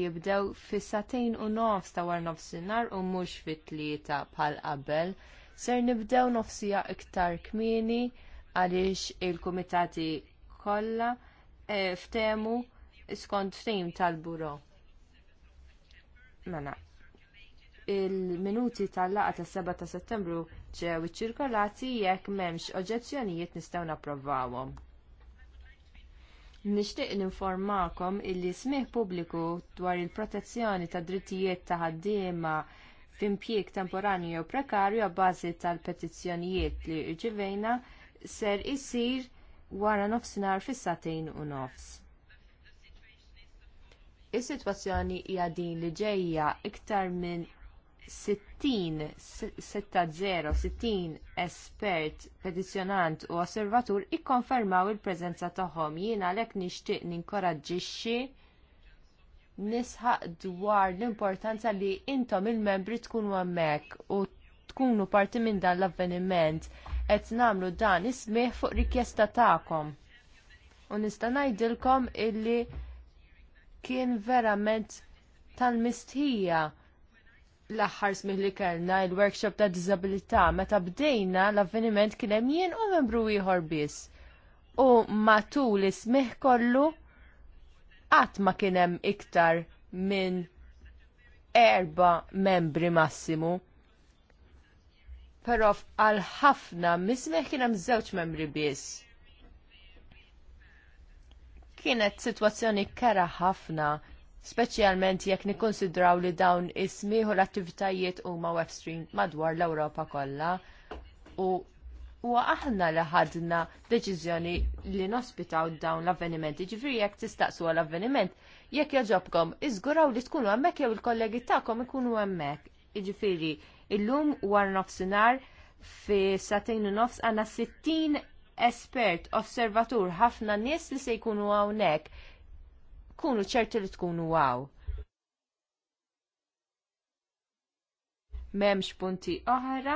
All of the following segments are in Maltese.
jibdew fis-satejn u nofs ta' war nofsinhar u mhux fit-tlieta bħal qabel. Ser nibdew nofsija iktar kmieni għaliex il-kumitati kollha e, ftemu skont ftehim tal-buro. Mela, il-minuti tal laqgħa tas 7 ta' settembru ġew iċċirkolati jekk m'hemmx oġġezzjonijiet nistgħu napprovawhom. Nixtieq ninformakom illi smih pubbliku dwar il-protezzjoni ta' drittijiet ta' ħaddiema f'impjieg temporanju jew prekarju għabbażi tal-petizzjonijiet li rċivejna ser isir wara nofsinhar fis-satejn u nofs. Is-sitwazzjoni hija din li ġejja iktar minn 60 60 espert, petizzjonant u osservatur ikkonfermaw il prezenza tagħhom. Jiena għalhekk nixtieq ninkoraġġixxi nisħaq dwar l-importanza li intom il-membri tkunu hemmhekk u tkunu parti minn dan l-avveniment qed nagħmlu dan ismih fuq rikjesta tagħkom. U nista' ngħidilkom illi kien verament tal-mistħija l-aħħar smih li kellna il-workshop ta' disabilità meta bdejna l-avveniment kien hemm jien u membru ieħor biss. U matul ismih kollu qatt ma kien hemm iktar minn erba membri massimu. Però għal ħafna mismeħ kien hemm żewġ membri biss. Kienet sitwazzjoni kera ħafna speċjalment jekk nikkonsidraw li dawn ismiħu l-attivitajiet huma web madwar l-Ewropa kollha u huwa aħna li ħadna deċiżjoni li nospitaw dawn l-avvenimenti. Ġifieri jekk tistaqsu l-avveniment, jekk jaġobkom, iżguraw li tkunu hemmhekk jew il-kollegi tagħkom ikunu hemmhekk. Jiġifieri illum war nofsinhar fi satin u nofs għandna 60 espert, osservatur, ħafna nies li se jkunu hawnhekk kunu ċerti li tkunu wow. Memx punti oħra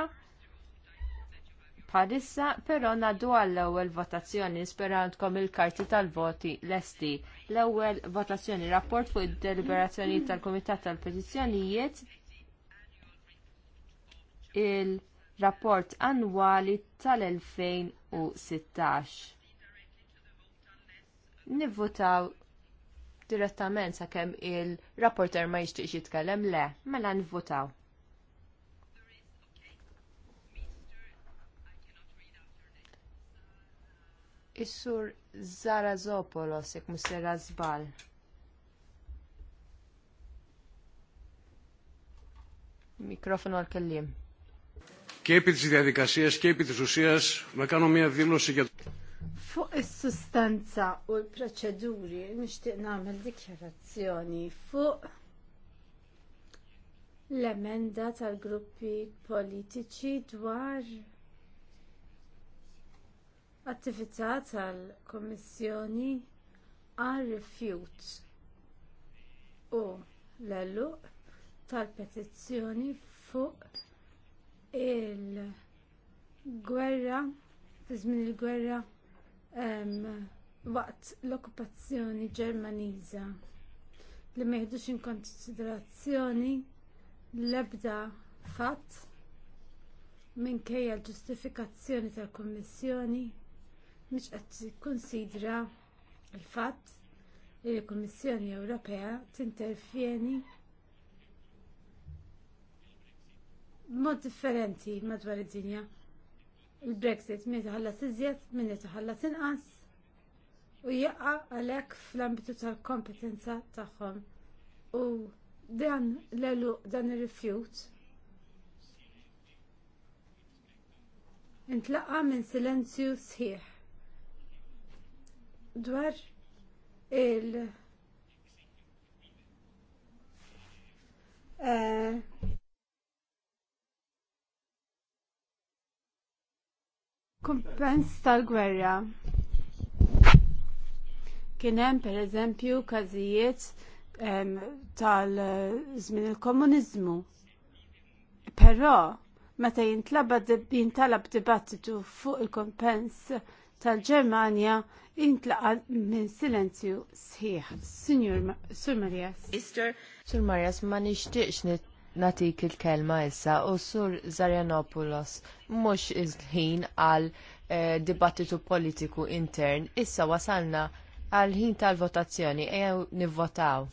bħalissa, però naddu għall-ewwel votazzjoni sperantkom il-karti tal-voti lesti. L-ewwel votazzjoni rapport fuq id-deliberazzjoni tal-Kumitat tal-Petizzjonijiet il-rapport annwali tal-2016. Nivvotaw direttament sakemm il-rapporter ma jixtieqx jitkellem le, mela nvutaw. Is-sur Zara Zopolos, jek Mr. Azbal. Mikrofon għal-kellim. Kepi t της dikasijas, kepi t της ma kano mija μια δήλωση για... Fuq is-sustanza u l-proċeduri nixtieq nagħmel dikjarazzjoni fuq l-emenda tal-gruppi politiċi dwar attività tal-Kommissjoni għal rifjut u l-eluq tal-petizzjoni fuq il-gwerra, żmien il-gwerra waqt l-okkupazzjoni Ġermaniża li ma jieħdux inkonsiderazzjoni l-ebda fatt minkejja l-ġustifikazzjoni tal-Kummissjoni mhix qed tikkunsidra l-fatt li l-Kummissjoni Ewropea tinterfjeni b'mod differenti madwar id-dinja il-Brexit min taħallas iżjed, min taħallas inqas u jaqqa għalhekk fl-ambitu tal-kompetenza tagħhom. U dan l dan ir-rifjut intlaqqa minn silenzju sħiħ dwar il- eh, Kumpens tal-gwerra. Kien hemm pereżempju każijiet tal-żmien il-komuniżmu. Però meta jintalab dibattitu fuq il-kompens tal-Ġermanja intlaqal minn silenzju sħiħ. Signor Sur Marjas. Sur Marjas, ma nixtieqx natik il-kelma issa u sur Zarianopoulos mhux iż-ħin għal eh, dibattitu politiku intern issa wasalna għal ħin tal-votazzjoni ejjew nivvotaw.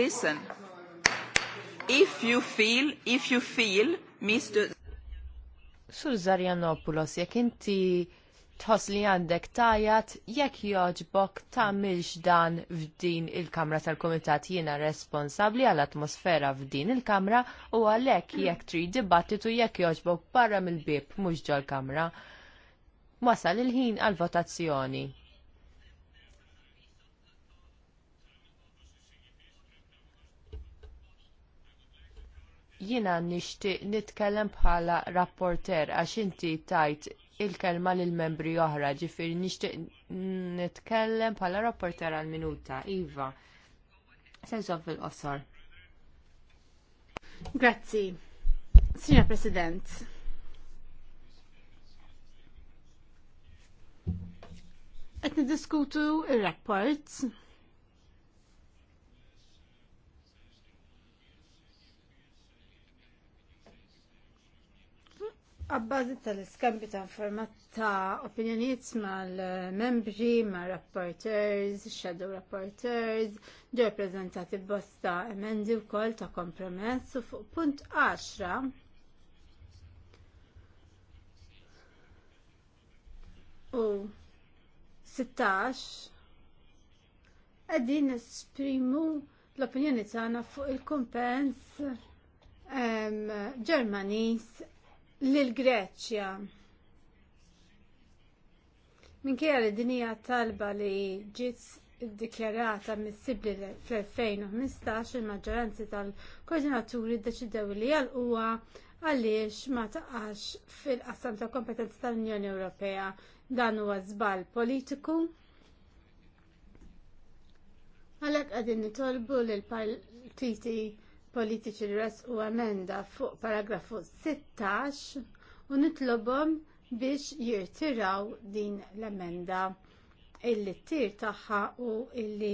Listen, if you feel, if you feel, Mr. Sur Zarianopoulos, jekk inti tħoss li għandek tajat jekk joġbok tamilx dan f'din il-kamra tal-komitat jiena responsabli għall-atmosfera f'din il-kamra u għalhekk jekk trid dibattitu jekk joġbok barra mill-bib mhux ġol kamra. Wasal il-ħin għal-votazzjoni. Jiena nixtieq nitkellem bħala rapporter għax inti tajt il-kelma lill membri oħra, ġifiri nixtieq nitkellem bħala rapporter għall minuta Iva. Sensom fil-qosor. Grazzi. Signor President, Qed niddiskutu ir rapport Għabbażi tal-iskambi ta' informat ta' opinjoniet mal-membri, ma' rapporters, shadow rapporters, ġo prezentati bosta emendi u kol ta' kompromess u fuq punt 10. U 16. Għedin esprimu l-opinjoni tagħna fuq il-kumpens Ġermanis l greċja Minkejja li dinija talba li ġiet iddikjarata missibli fl-2015 il-maġġoranzi tal-koordinaturi ddeċidew li jalquha għaliex ma taqax fil-qasam ta' kompetenza tal-Unjoni Ewropea dan huwa żball politiku. Għalhekk qegħdin nitolbu lill partiti politiċi li u emenda fuq paragrafu 16 u nitlobhom biex jirtiraw din l-emenda illi t-tir tagħha u illi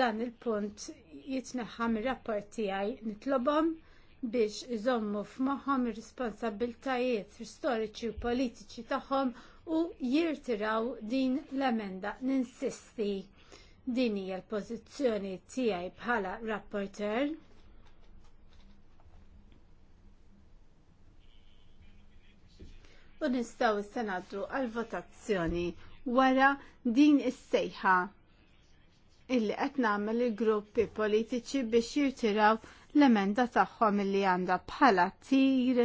dan il-punt jitneħħa mir-rapport tiegħi nitlobhom biex iżommu f'moħħom ir-responsabiltajiet storiċi u politiċi tagħhom u jirtiraw din l-emenda ninsisti din hija l-pożizzjoni tiegħi bħala rapporter. u nistaw istanadru għal-votazzjoni wara din is-sejħa illi qed nagħmel il-gruppi politiċi biex jirtiraw l-emenda tagħhom illi għandha bħala tir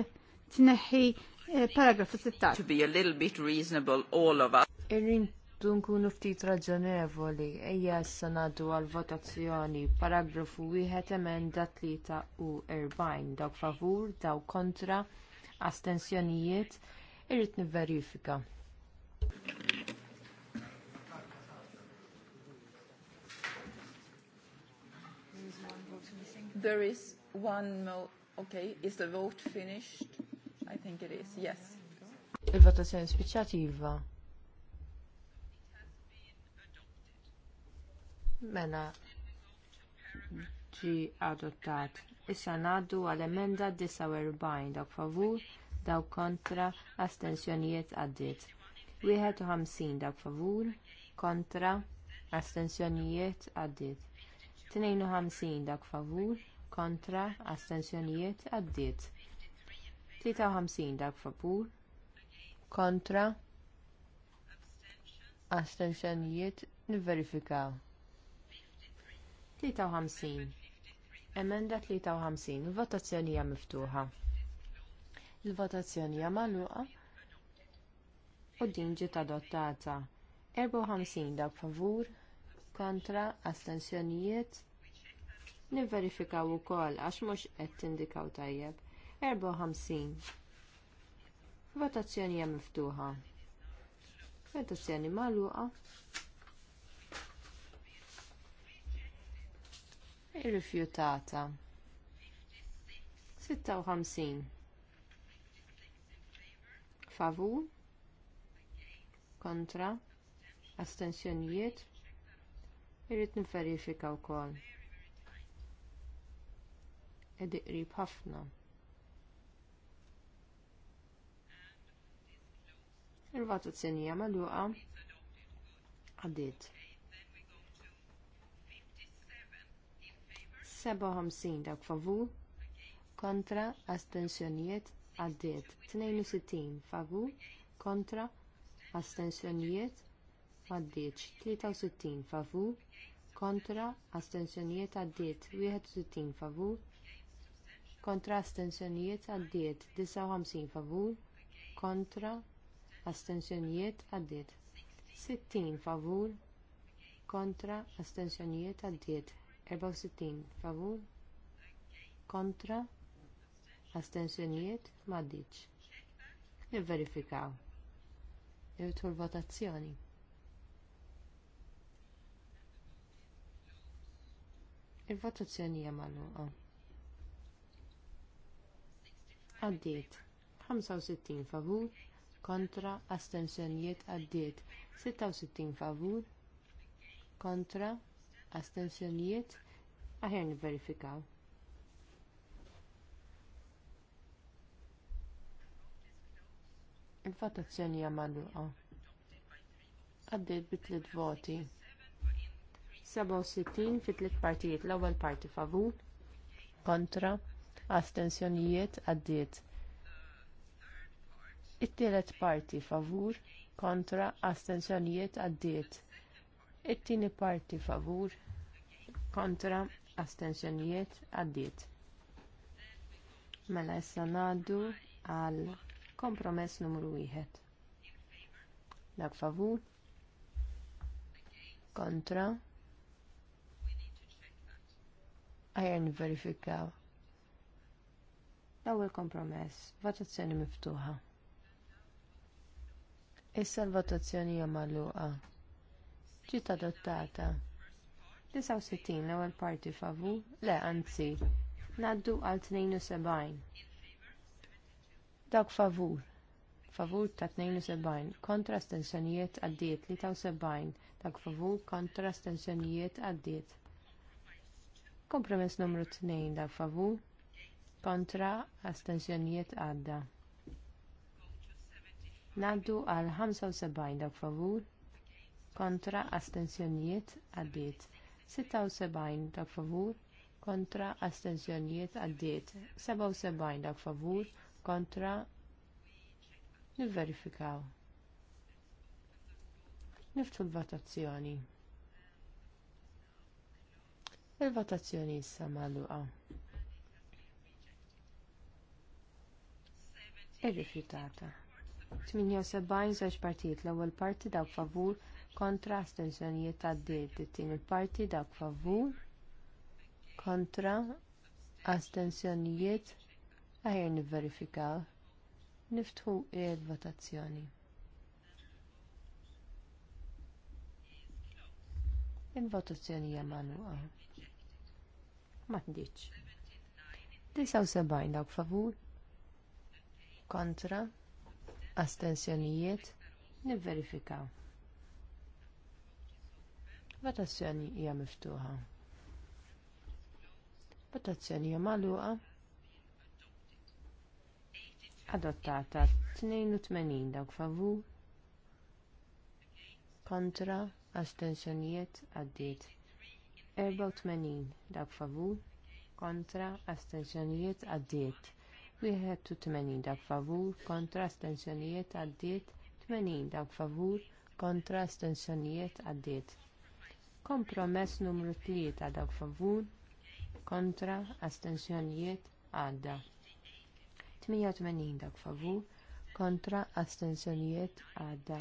tneħħi eh, paragrafu 16. To be a little bit reasonable all of us. Irrintu nkunu ftit raġonevoli, ejja s ngħaddu għal votazzjoni paragrafu wieħed emenda 3 u erbajn dawk favur, dawk kontra, astensjonijiet, irrit niverifika. There is one more. Okay, is the vote finished? I think it is, yes. Il-votazzjoni spiċċativa. Mena ġi adottat. Issa ngħaddu għall-emenda 49 dak favur dawk kontra astensjonijiet għaddiet. 51 dawk favur kontra astensjonijiet għaddiet. 52 dawk favur kontra astensjonijiet għaddiet. 53 dawk favur kontra astensjonijiet nivverifikaw. 53 Emenda 53 Votazzjoni hija miftuħa. Il-votazzjoni hija magħluqa u din ġiet adottata. 54 dak favur kontra astensjonijiet nivverifikaw ukoll għax mhux qed tindikaw tajjeb. 54. Votazzjoni hija miftuħa. Votazzjoni magħluqa. Irrifjutata. 56 favur kontra astensjonijiet irrid nifferifika wkoll qed iqrib ħafna. Il-votazzjoni hija magħluqa għaddiet. 57 dak favur kontra astensjonijiet għaddiet 62 favur kontra astensjonijiet għaddiet 63 favur kontra astensjonijiet għaddiet 61 favur kontra astensjonijiet għaddiet 59 favur kontra astensjonijiet għaddiet 60 favur kontra astensjonijiet għaddiet 64 favur kontra astensjonijiet maddiċ. Nivverifikaw. Irtu l-votazzjoni. Il-votazzjoni hija Għaddiet. 65 favur kontra astensjonijiet għaddiet. 66 favur kontra astensjonijiet aħjar nivverifikaw. Il-votazzjoni hija magħluqa. Għaddiet bi tliet voti. 67 fi tliet partijiet l-ewwel parti favur, kontra, astensjonijiet għaddiet. It-tielet parti favur, kontra, astensjonijiet għaddiet. It-tieni parti favur, kontra, astensjonijiet għaddiet. Mela issa nadu għal Kompromess numru wieħed. Dak favur. Kontra. Għajer verifikaw. L-ewwel kompromess, votazzjoni miftuħa. Issa l-votazzjoni hija magħluqa. Ġiet adottata. 69 l-ewwel parti favur, le anzi, ngħaddu għal 72. Dawk favur. Favur ta' 72. Kontra stenzjonijiet għaddiet 73. Dawk favur kontra stenzjonijiet għaddiet. Kompromess numru 2 dawk favur. Kontra astensjonijiet għadda. Naddu għal 75 dawk favur. Kontra astensjonijiet għaddiet. 76 dawk favur kontra astensjonijiet għaddiet 77 dak favur kontra nivverifikaw. Niftu l-votazzjoni. Il-votazzjoni issa magħluqa. Irrifjutata. 78 żewġ partijiet l-ewwel parti dawk favur kontra astensjonijiet għaddiet diet il parti dawk favur kontra astensjonijiet Aħjar nivverifikaw. Niftħu il-votazzjoni. Il-votazzjoni hija magħluqa. Ma tdiċ. 79 dawk favur. Kontra. Astensjonijiet. Nivverifikaw. Votazzjoni hija Votazzjoni hija magħluqa adottata 82 dawk favur kontra astensjonijiet għaddiet 84 dawk favur kontra astensjonijiet għaddiet 81 dawk favur kontra astensjonijiet għaddiet 80 dawk favur kontra astensjonijiet għaddiet kompromess numru 3 dawk favur kontra astensjonijiet għadda 88 dak favur kontra astensjonijiet għadda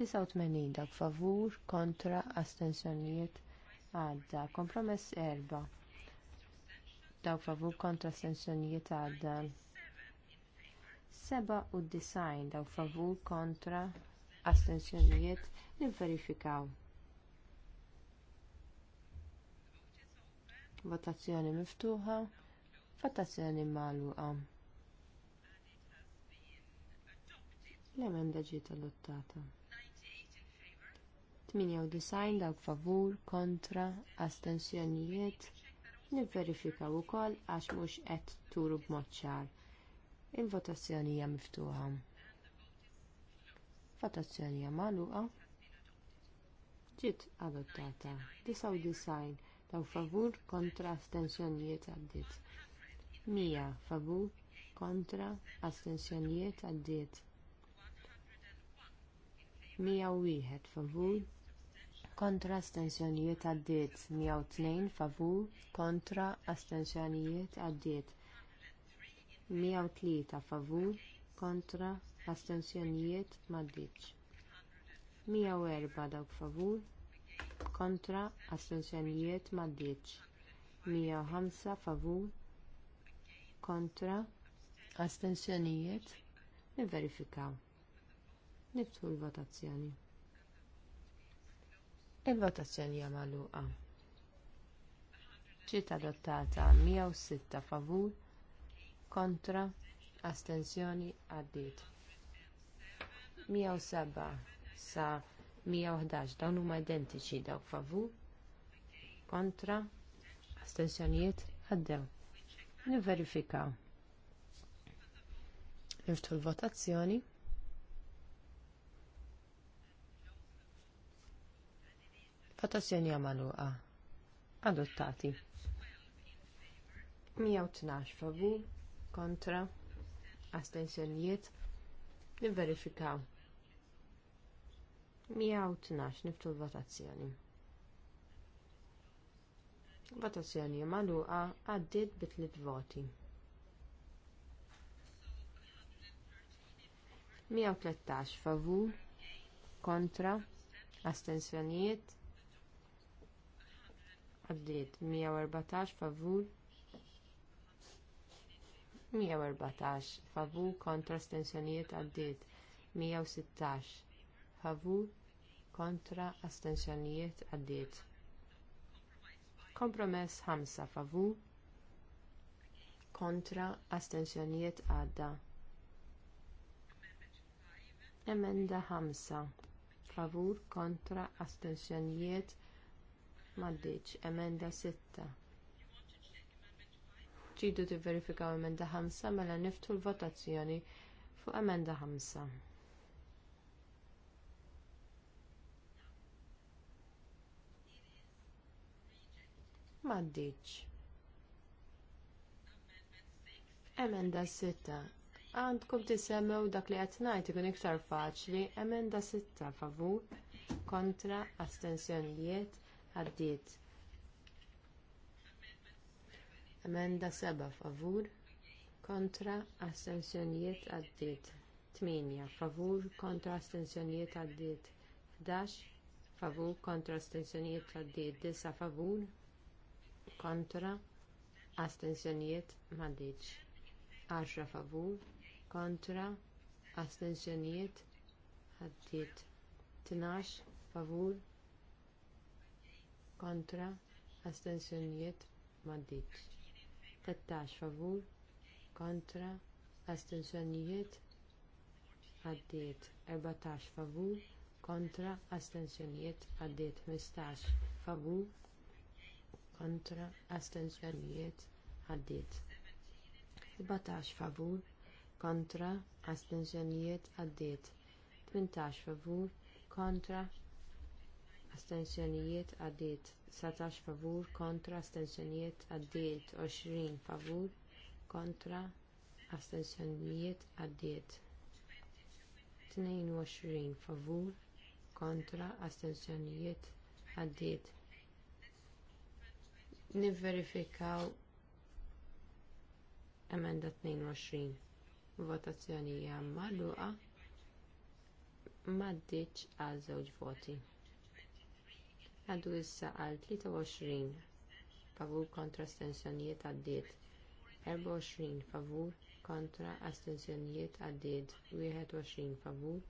89 dak favur kontra astensjonijiet għadda kompromess erba dak favur kontra astensjonijiet għadda 97 dak favur kontra astensjonijiet nivverifikaw votazzjoni miftuħa votazzjoni magħluqa L-emenda ġiet adottata. 98 dawk favur, kontra, astensjonijiet, nivverifikaw ukoll għax mhux qed turu b'mod ċar. Il-votazzjoni hija miftuħa. Votazzjoni hija magħluqa. Ġiet adottata. 99 dawk favur, kontra, astensjonijiet għaddiet. 100 favur, kontra, astensjonijiet għaddiet. 101 favur kontra astensjonijiet għaddiet 102 favur kontra astensjonijiet għaddiet 103 favur kontra astensjonijiet maddiċ 104 dawk favur kontra astensjonijiet maddiċ 105 favur kontra astensjonijiet nivverifikaw. Niftu l-votazzjoni. Il-votazzjoni hija magħluqa. Ġiet adottata 106 favur kontra astensjoni għaddiet. 107 sa 111 dawn huma identiċi dawk favur kontra astensjonijiet għaddew. Niverifikaw. Niftu l-votazzjoni. għamalu għa. Adottati. 112 favu? kontra astensjonijiet nivverifikaw. 112 niftu l-votazzjoni. Votazzjoni magħluqa għaddiet bi tliet voti. 113 favu? kontra astensjonijiet għaddiet 114 favur 114 favur kontra astensjonijiet għaddiet 116 favur kontra astensjonijiet għaddiet kompromess 5 favur kontra astensjonijiet għadda emenda 5 favur kontra astensjonijiet Maddiċ, emenda 6. Ġidu tivverifikaw emenda 5 mela niftu l-votazzjoni fuq emenda 5. Maddiċ. Emenda 6. Għandkom tisemmew dak li ikun iktar faċli. Emenda 6 favur kontra astensjonijiet għaddiet. Emenda 7 favur kontra astensjonijiet għaddiet. 8 favur kontra astensjonijiet għaddiet. 11 favur kontra astensjonijiet għaddiet. 9 favur kontra astensjonijiet m'għaddietx. 10 favur kontra astensjonijiet għaddiet. 12 favur kontra astensjonijiet maddiċ. 13 favur kontra astensjonijiet għaddiet. 14 favur kontra astensjonijiet għaddiet. 15 favur kontra astensjonijiet għaddiet. 17 favur kontra astensjonijiet għaddiet. 18 favur kontra astensjonijiet għaddiet 19 favur kontra astensjonijiet għaddiet 20 favur kontra astensjonijiet għaddiet 22 favur kontra astensjonijiet għaddiet nivverifikaw emenda 22 votazzjoni hija magħluqa m'għaddietx għal żewġ voti. Għaddu issa għal 23 favur kontra astensjonijiet għaddiet. 24 favur kontra astensjonijiet għaddiet. 21 favur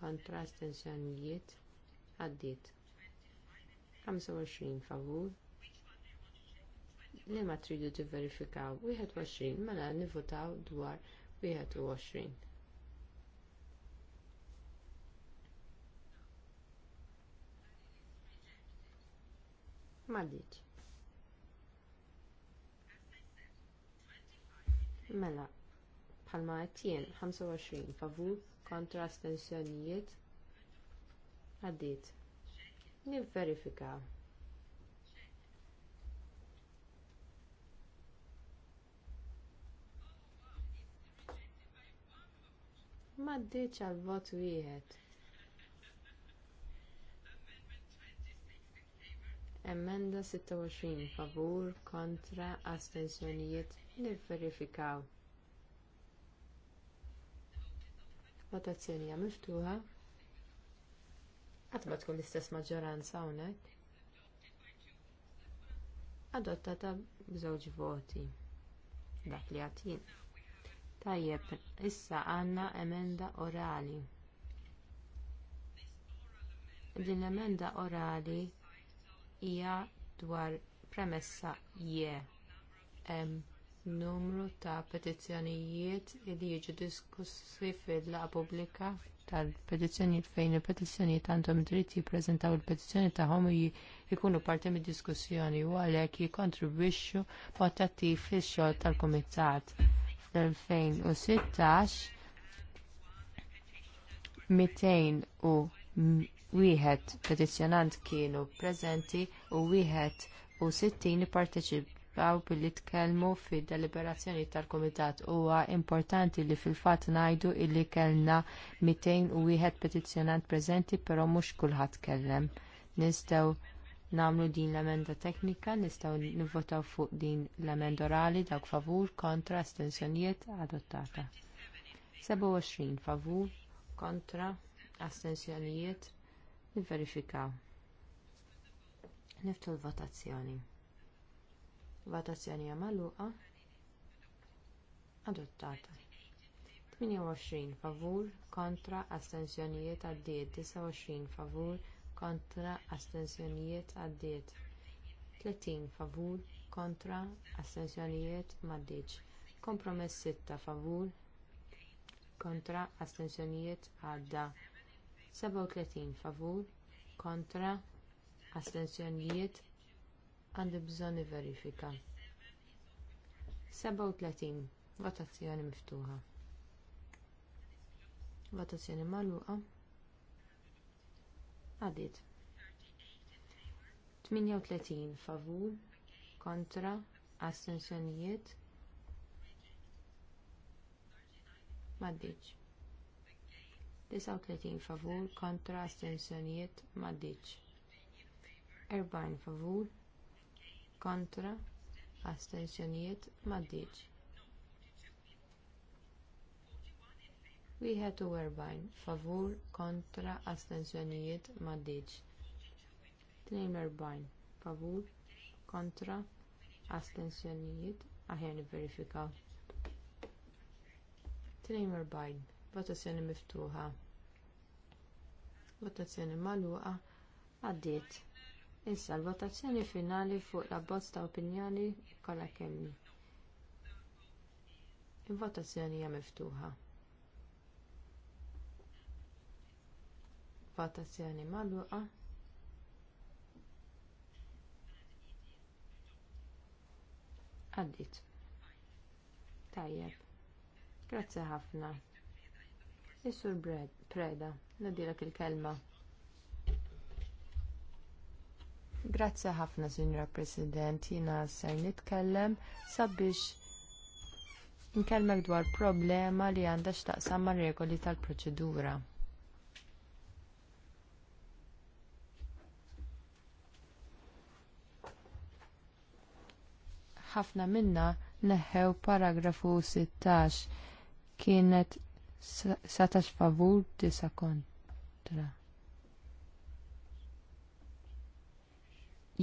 kontra astensjonijiet għaddiet. 25 favur li ma tridu tivverifikaw 21 mela nivvotaw dwar 21. Maddiċ. Mela, palma għetjen, 25, favu, kontra stensjonijiet, għaddit. Nivverifika. Maddiċ għal vot wieħed. Emenda 26 favur kontra astensjonijiet nirverifikaw. Votazzjoni hija miftuħa. Għatba tkun l-istess maġġoranza hawnhekk. Adottata b'żewġ voti. Dak li għatin. Tajjeb, issa għandna emenda orali. Din l-emenda orali hija dwar premessa je hemm numru ta' petizzjonijiet li jiġu diskussi fil laqgħa pubblika tal-petizzjonijiet fejn il-petizzjonijiet għandhom dritt jippreżentaw il-petizzjoni tagħhom jkunu parti mid-diskussjoni u għalhekk jikkontribwixxu b'mod attiv fix-xogħol tal-Kumitat. Fl-2016 200 u wieħed petizzjonant kienu preżenti u wieħed u sittin ipparteċipaw billi tkellmu fid-deliberazzjoni tal-Kumitat huwa importanti li fil-fatt ngħidu li kellna 201 petizzjonant preżenti però mhux kulħadd kellem. Nistgħu nagħmlu din l-emenda teknika, nistgħu nivvotaw fuq din l-emenda orali dawk favur kontra astensjonijiet adottata. 27 favur kontra astensjonijiet Niverifikaw. Niftu l-votazzjoni. Votazzjoni għamaluqa. Adottata. 28 favur kontra astensjonijiet għaddiet. 29 favur kontra astensjonijiet għaddiet. 30 favur kontra astensjonijiet maddiċ. Kompromess 6 favur kontra astensjonijiet għadda. 37 favur kontra astensjonijiet għandu bżonn verifika. 37 votazzjoni miftuħa. Votazzjoni magħluqa. Għadiet. 38 favur kontra astensjonijiet. Maddiċ. 39 favur kontra astensjonijiet maddiċ. 40 favur kontra astensjonijiet maddiċ. 41 favur kontra astensjonijiet maddiċ. 42 favur kontra astensjonijiet aħjar nivverifikaw. 42 votazzjoni miftuħa votazzjoni magħluqa għaddiet. Issa l-votazzjoni finali fuq la abbozz ta' opinjoni kollha kemm. Il-votazzjoni hija miftuħa. Votazzjoni maluqa. Għaddiet. Tajjeb. Grazzi ħafna. Isur Preda, nadilak il-kelma. Grazzi ħafna, Signora President, jina ser nitkellem sabiex nkellmek dwar problema li għandha x'taqsam ma' regoli tal-proċedura. ħafna minna neħew paragrafu 16 kienet satax favur disa kontra.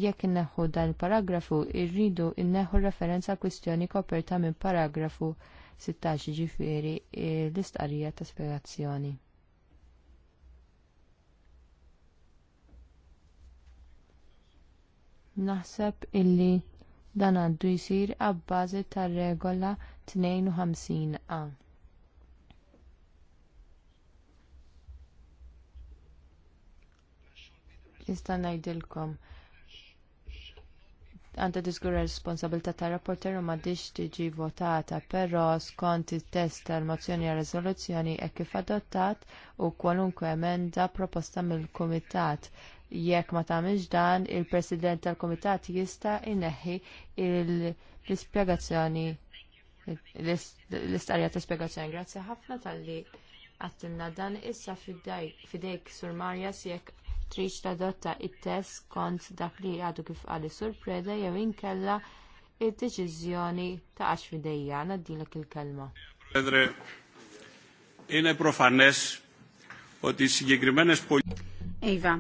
Jekk inneħħu dan il-paragrafu, irridu inneħu referenza kwistjoni koperta minn paragrafu 16 ġifiri e, l-istqarrija ta' spjegazzjoni. Naħseb illi dan għandu jsir għabbażi tar-regola 52a. nista' ngħidilkom għandha diskur responsabilità ta' rapporter u m'għaddix tiġi votata, però skont it-test tal-mozzjoni għal riżoluzzjoni hekk kif adottat u kwalunkwe emenda proposta mill-Kumitat. Jekk ma tagħmilx dan, il-President tal-Kumitat jista' jneħħi l-ispjegazzjoni l-istarja ta' spjegazzjoni. Grazzi ħafna tal-li dan issa fidejk Sur Marja jekk trix tadotta it-test kont dak li għadu kif għali surpreda jew inkella id-deċiżjoni ta' għax fidejja għaddilek il-kelma. Pedre, jene profanes ότι συγκεκριμένε Iva,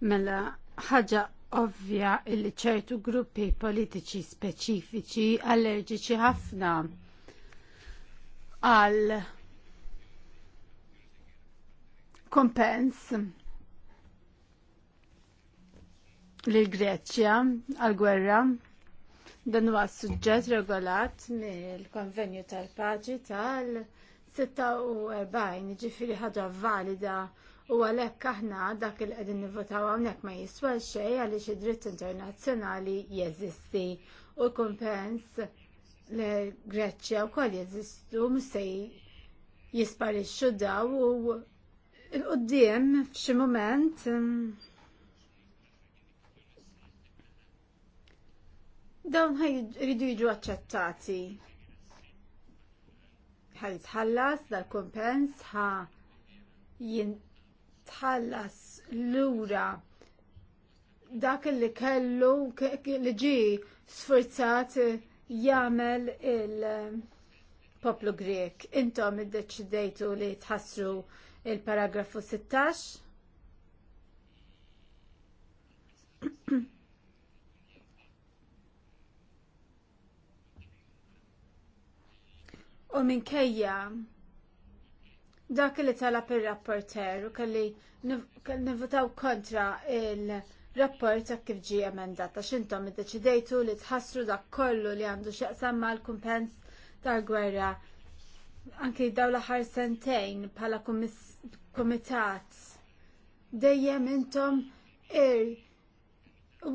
mela ħaġa ovvja illi ċertu gruppi politiċi speċifiċi allerġiċi ħafna għal kompens l-Greċja għal-gwerra. Dan huwa suġġett regolat mill-Konvenju tal-Paċi tal-46 ġifiri ħaġa valida u għalhekk aħna dak il qegħdin nivvotaw hawnhekk ma jiswel xejn għaliex id-dritt internazzjonali jeżisti u l-kumpens l-Greċja wkoll jeżistu mhux se jisparixxu daw u l-qudiem f'xi mument Dawn jridu jiġu aċċettati. Ħalli tħallas dal-kumpens ħa jintħallas lura dak li kellu li ġi sforzat jagħmel il-poplu Grek. Intom iddeċidejtu li tħassru il-paragrafu 16? U minkejja dak li talab ir-rapporter u kelli nivvotaw kontra il-rapport ta' kif ġie emendata x'intom id iddeċidejtu li tħassru dak kollu li għandu x'jaqsam mal-kumpens tal-gwerra anki daw l-aħħar sentejn bħala kumitat dejjem intom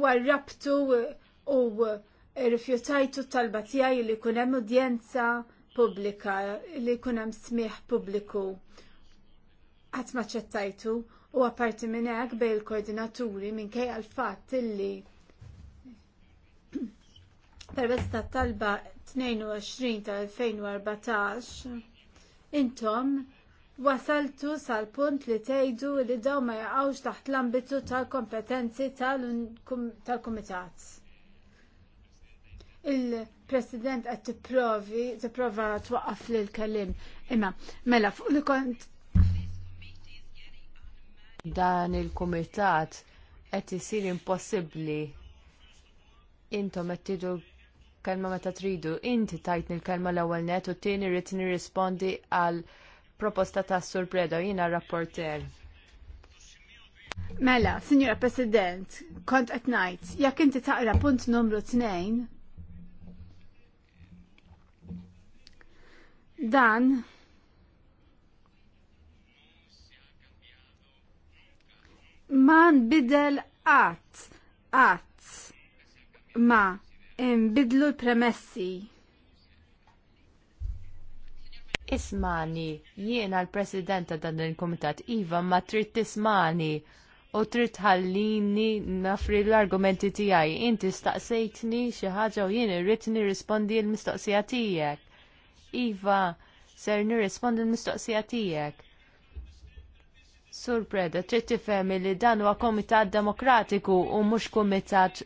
warrabtu u rifjutajtu talba tiegħi li jkun hemm udjenza pubblika li jkun hemm smieħ pubbliku qatt ma ċettajtu u apparti minn hekk bejn il-koordinaturi minkejja l-fatt illi permezz tat-talba 22 tal-2014 intom Wasaltu sal-punt li tgħidu li dawn ma jaqgħux taħt l-ambitu tal-kompetenzi tal-Kumitat il-President qed tipprovi tipprova twaqqaf lil kelim. Imma mela fuq li kont dan il-kumitat qed isir impossibbli intom qed tidu kelma meta tridu, inti tajtni l-kelma l-ewwel net u tieni rritni nirrispondi għal proposta ta' surpreda jiena rapporter. Mela, Signora President, kont qed ngħid, Jak inti taqra punt numru tnejn Dan Man nbidel at, at, ma nbidlu l-premessi. Ismani, jiena l-president ta' dan il-komitat Iva ma trid tismani u trid ħallini nafri l-argumenti tiegħi. Inti staqsejtni xi ħaġa u jien irrid nirrispondi l-mistoqsija tiegħek. Iva, ser nirrispondi l-mistoqsija tiegħek. Sur Preda, trid tifhem li dan huwa komitat demokratiku u mhux kumitat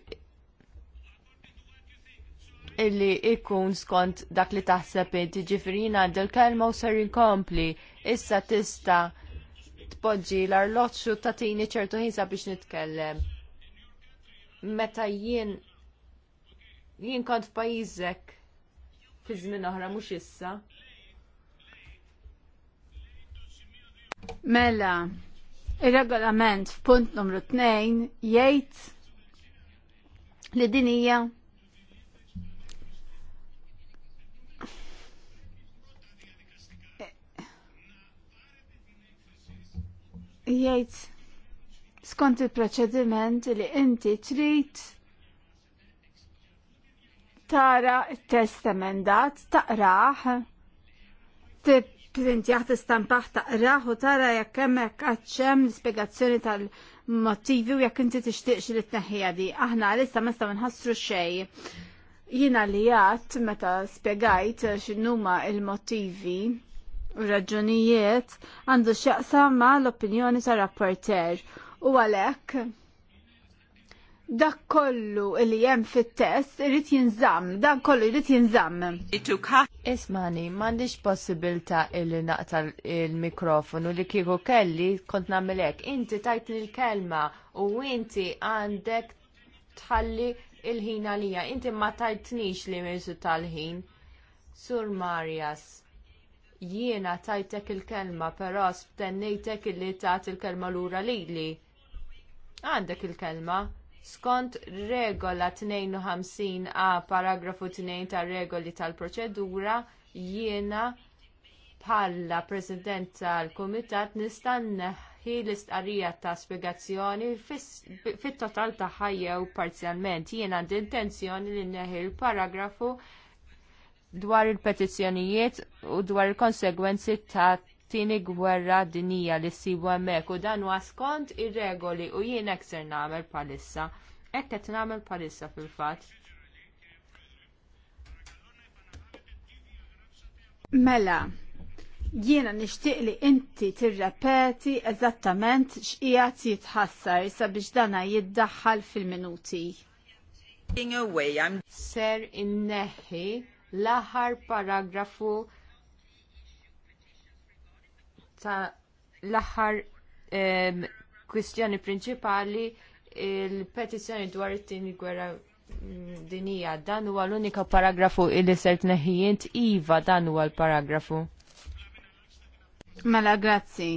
illi ikun skont dak li taħseb inti ġifieri għandu l-kelma u ser inkompli. Issa tista' tpoġġi l-arloċċu tini ċertu ħisa biex nitkellem. Meta jien jien kont f'pajjiżek fi żmien oħra mhux issa. Mela, ir-regolament f'punt numru 2 jgħid li din hija jgħid skont il-proċediment li inti trid tara t-test emendat, taqraħ, t-printjaħ t-istampaħ taqraħ u tara jekk hemmhekk għaċċem l-ispjegazzjoni tal-motivi u jekk inti tixtieqx li tneħħija di. Aħna għalissa ma nistgħu nħassru xejn. Jiena li jgħat meta spiegajt x'numa il-motivi u raġunijiet għandu x'jaqsam ma l-opinjoni tar-rapporter u għalhekk dak kollu li jem fit-test irrit jinżamm, dan kollu irrit jinżamm. Ismani, m'għandix possibilità illi naqta il-mikrofonu li kieku kelli kont hekk. Inti tajt l-kelma u inti għandek tħalli il-ħin għalija. Inti ma tajtnix li mirsu tal-ħin. Sur Marjas, jiena tajtek il-kelma, però sptennejtek li tagħti il-kelma lura lili. Għandek il-kelma skont regola 52 a paragrafu 2 tar regoli tal-proċedura jiena bħala President tal-Kumitat nista' nneħħi l-istqarrija ta' spjegazzjoni fit-total ta' ħajjew parzjalment. Jiena għandi intenzjoni li neħi l-paragrafu dwar il-petizzjonijiet u dwar il-konsegwenzi ta' tini tieni gwerra dinija li sibu hemmhekk u dan huwa skont ir-regoli u jien hekk ser nagħmel bħalissa. Hekk qed nagħmel bħalissa fil-fatt. Mela, jiena nixtieq li inti tirrepeti eżattament x'qiegħed jitħassar sabiex dana jiddaħħal fil-minuti. Ser inneħħi l-aħħar paragrafu ta' l-aħħar kwistjoni prinċipali il-petizzjoni dwar it tini gwerra mm, dinija dan huwa l-unika paragrafu illi ser neħijint iva dan huwa l-paragrafu. Mela grazzi.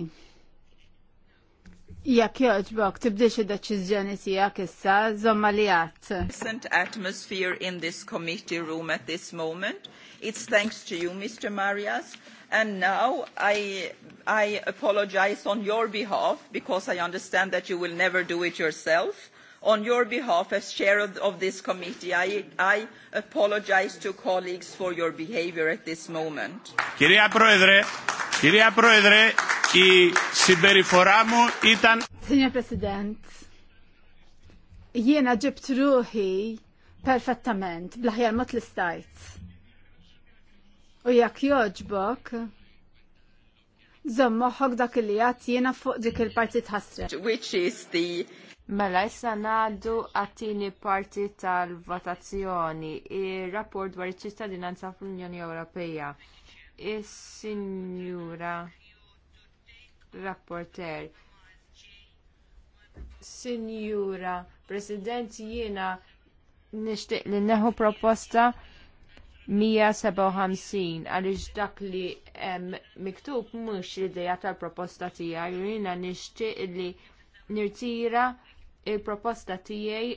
Jak joġbok, tibdix id-deċiżjoni tiegħek issa, żomma li għat. Present atmosphere in this committee room at this moment. It's thanks to you, Mr. Marias, And now I, I apologize on your behalf because I understand that you will never do it yourself. On your behalf as chair of, of this committee, I, I apologize to colleagues for your behavior at this moment. Κυρία Πρόεδρε, κυρία Πρόεδρε, η συμπεριφορά μου ήταν... Signor President, jiena ġibt ruħi perfettament, blaħjar mot l-istajt U jekk joġbok, Zom moħħok dak li għat jena fuq dik il-parti tħassra. Which is the... Mela, issa naddu għattini parti tal-votazzjoni, il-rapport dwar iċ-ċittadinanza fl-Unjoni Ewropea. Is-Sinjura Rapporter. Sinjura President jiena nishtiq li neħu proposta 157 għaliex dak li hemm miktub mhux l-idea tal-proposta tiegħi u jiena nixtieq li nirtira l proposta tiegħi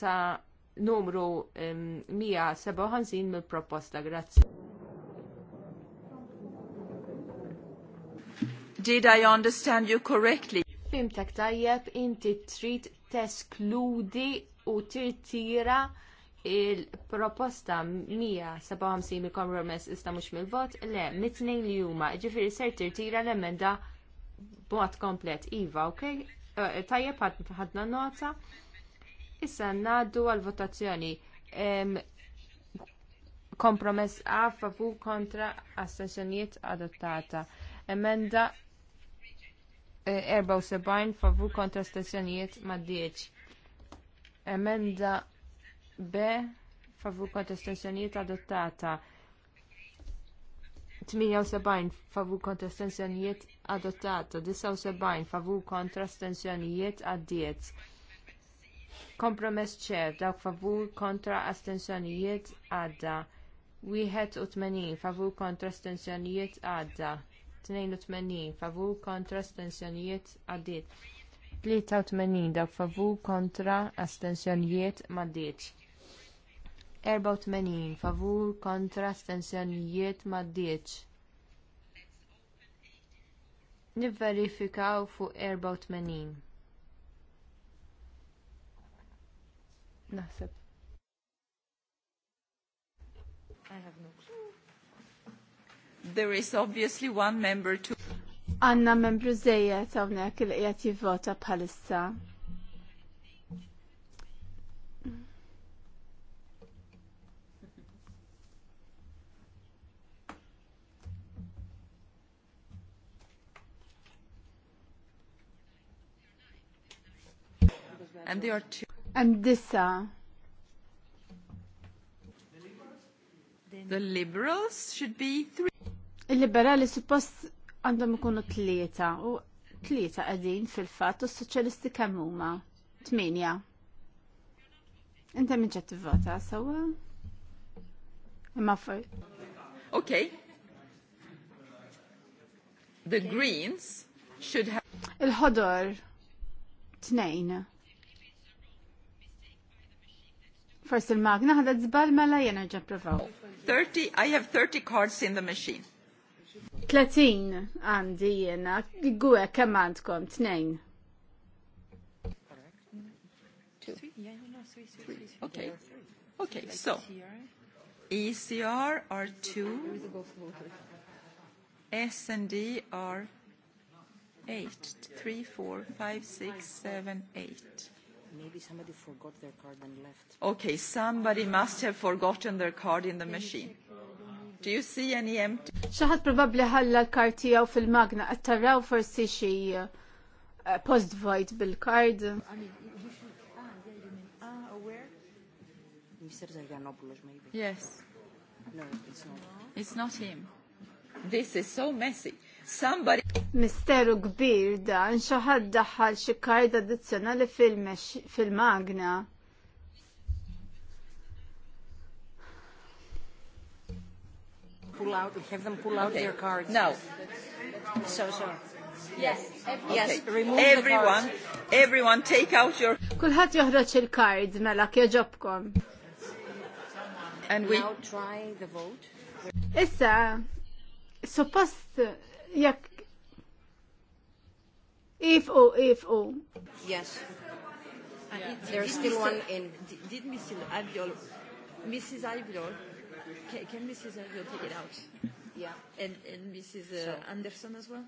ta' numru 157 mill-proposta. Grazzi. Did I understand you correctly? Fimtek tajjeb inti trid teskludi u tirtira il-proposta 157 mill-kompromess iżda mhux mill-vot, le, mit-tnejn li huma, ġifieri ser tirtira l-emenda b'mod komplet iva, ok? Eh, tajjeb ħadna nota. Issa ngħaddu għall votazzjoni kompromess A favur kontra astensjonijiet adottata. Emenda 74 eh, favur kontra astensjonijiet ma' 10. Emenda B favur kontra astensjonijiet adottata. 78 favur kontra astensjonijiet adottata. 79 favur kontra astensjonijiet għaddiet. Kompromess ċer dawk favur kontra astensjonijiet għadda. 81 favur kontra astensjonijiet għadda. 82 favur kontra astensjonijiet għaddiet. 83 dawk favur kontra astensjonijiet maddiet. 84 favur kontra astensjonijiet dieċ Nivverifikaw fuq 84. Naħseb. I have no clue. There is obviously one member to Għanna membru żejjed hawnhekk il qiegħed jivvota bħalissa. And there are two. And this, uh, The liberals should be three. Il-liberali suppost għandhom ikunu tlieta u tlieta qegħdin fil-fatt u s-soċjalisti kemm Tminja. Inta minn ġed tivvota sewwa? Imma Okay. The Greens should have Il-ħodor tnejn First il-magna ħadet zbal mela jena ġaprovaw. 30, I have 30 cards in the machine. 30 għandi jena, għuwe kemm għandkom, tnejn. Okay, okay, so ECR are two, S and D are eight, three, four, five, six, seven, eight. Maybe somebody forgot their card and left. Okay, somebody must have forgotten their card in the machine. Do you see any empty? Xaħat probabli ħalla l-kart tiegħu fil-magna qed taraw forsi xi uh, post void bil-kard. Mr. Ah, ah, Zaganopoulos, maybe. Yes. No, it's not. It's not him. This is so messy. Somebody... Misteru kbir dan xaħad daħħal xi kard addizzjonali fil-magna. Pull out, have them pull out okay. their cards. No. So, so. Yes, yes, remove everyone, the everyone take out your... Kulħat joħroċ il-kard, mela, kjoġobkom. And we... Now try the vote. Issa, suppost jekk If o, if o. Yes. And ah, yeah. there's still one in. Did, did Mrs. Aviol, Mrs. Aviol, can, can Mrs. Aviol take it out? Yeah. And, and Mrs. Uh, so. Anderson as well?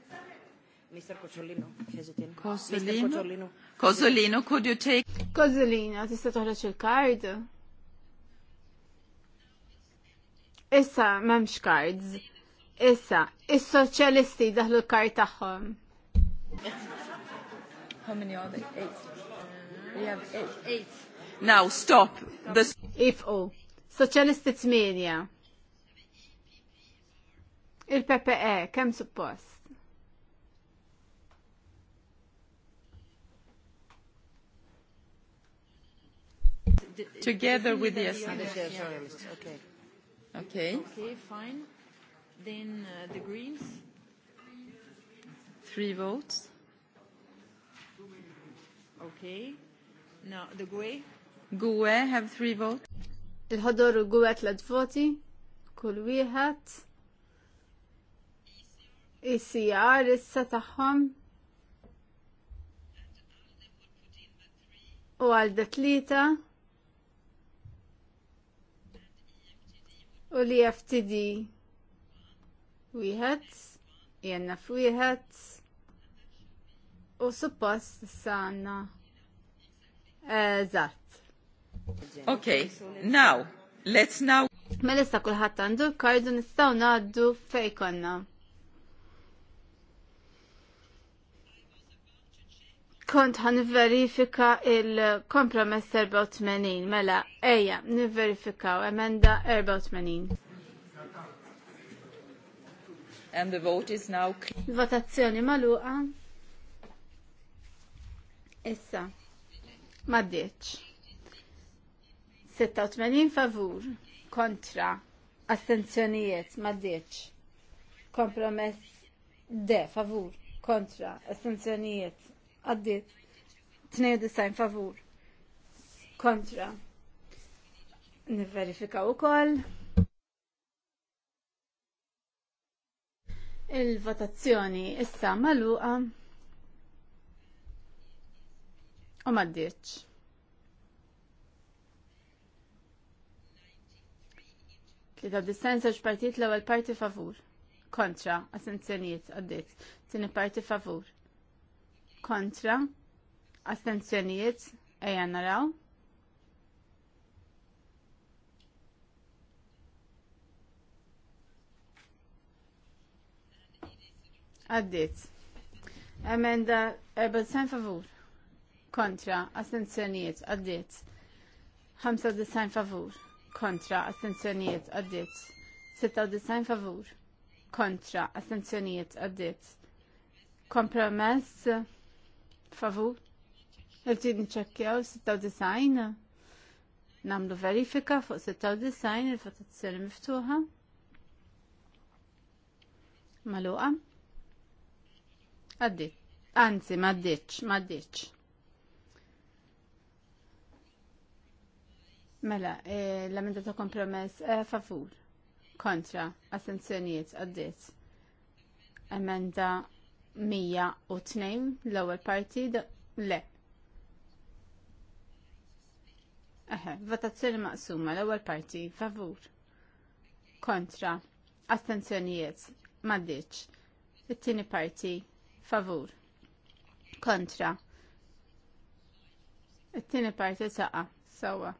Mr. Cozzolino, hesitin. Cozzolino? Mr. Cozzolino. Cozzolino, could you take? Cozzolino, tista toħraċ il-kard? Issa, memx cards. Issa, is-soċjalisti daħlu l-kar tagħhom. How many are they? Eight. We have eight. eight. Now stop. If Ifqu. Oh, soċjalisti tminja. Il-PPE, kemm suppost? Together with the SND. Okay. Okay. Okay, fine then uh, the Greens. Three votes. Okay. Now the GUE. GUE have three votes. Il-ħodor u GUE tlet voti. Kull wieħed. ECR issa tagħhom. U għal tlieta. u li FTD wieħed, jenna f'wieħed, u suppost s-sanna eżatt. Ok, now, let's now. Melissa kullħat għandu kardu nistaw naddu fejkonna. Kont għan verifika il-kompromess 84, mela, eja, niverifikaw, emenda 84 and the vote is now Votazzjoni maluqa. Issa. Ma ddeċ. 86 favur kontra astenzjonijiet ma Kompromess de favur kontra astenzjonijiet għaddit. 92 favur kontra. Niverifikaw ukoll. koll. Il-votazzjoni issa maluqa u maddiċ. Tlieta distanza x partit l-ewwel parti favur. Kontra, astenzjonijiet għaddit. Tieni parti favur. Kontra, astenzjonijiet ejja naraw. Għaddit. Emenda 94 favur. Kontra. astenzjoniet, Għaddit. design favur. Kontra. astenzjoniet, Għaddit. design favur. Kontra. astenzjoniet, Għaddit. Kompromess. Favur. Il-tid nċekkjaw design. Namlu verifika fuq design il fotazzjoni miftuħa. Maluqa. Għaddit. Anzi, ma ddiċ, ma Mela, eh, l-emenda ta' kompromess eh, favur, kontra, assenzjonijiet, għaddit. Emenda 102, l-ewwel parti, le. Eħe, votazzjoni maqsuma, l-ewwel parti, favur, kontra, astenzjonijiet, ma ddiċ. It-tieni parti, favur kontra it-tieni parti saqa. sewwa.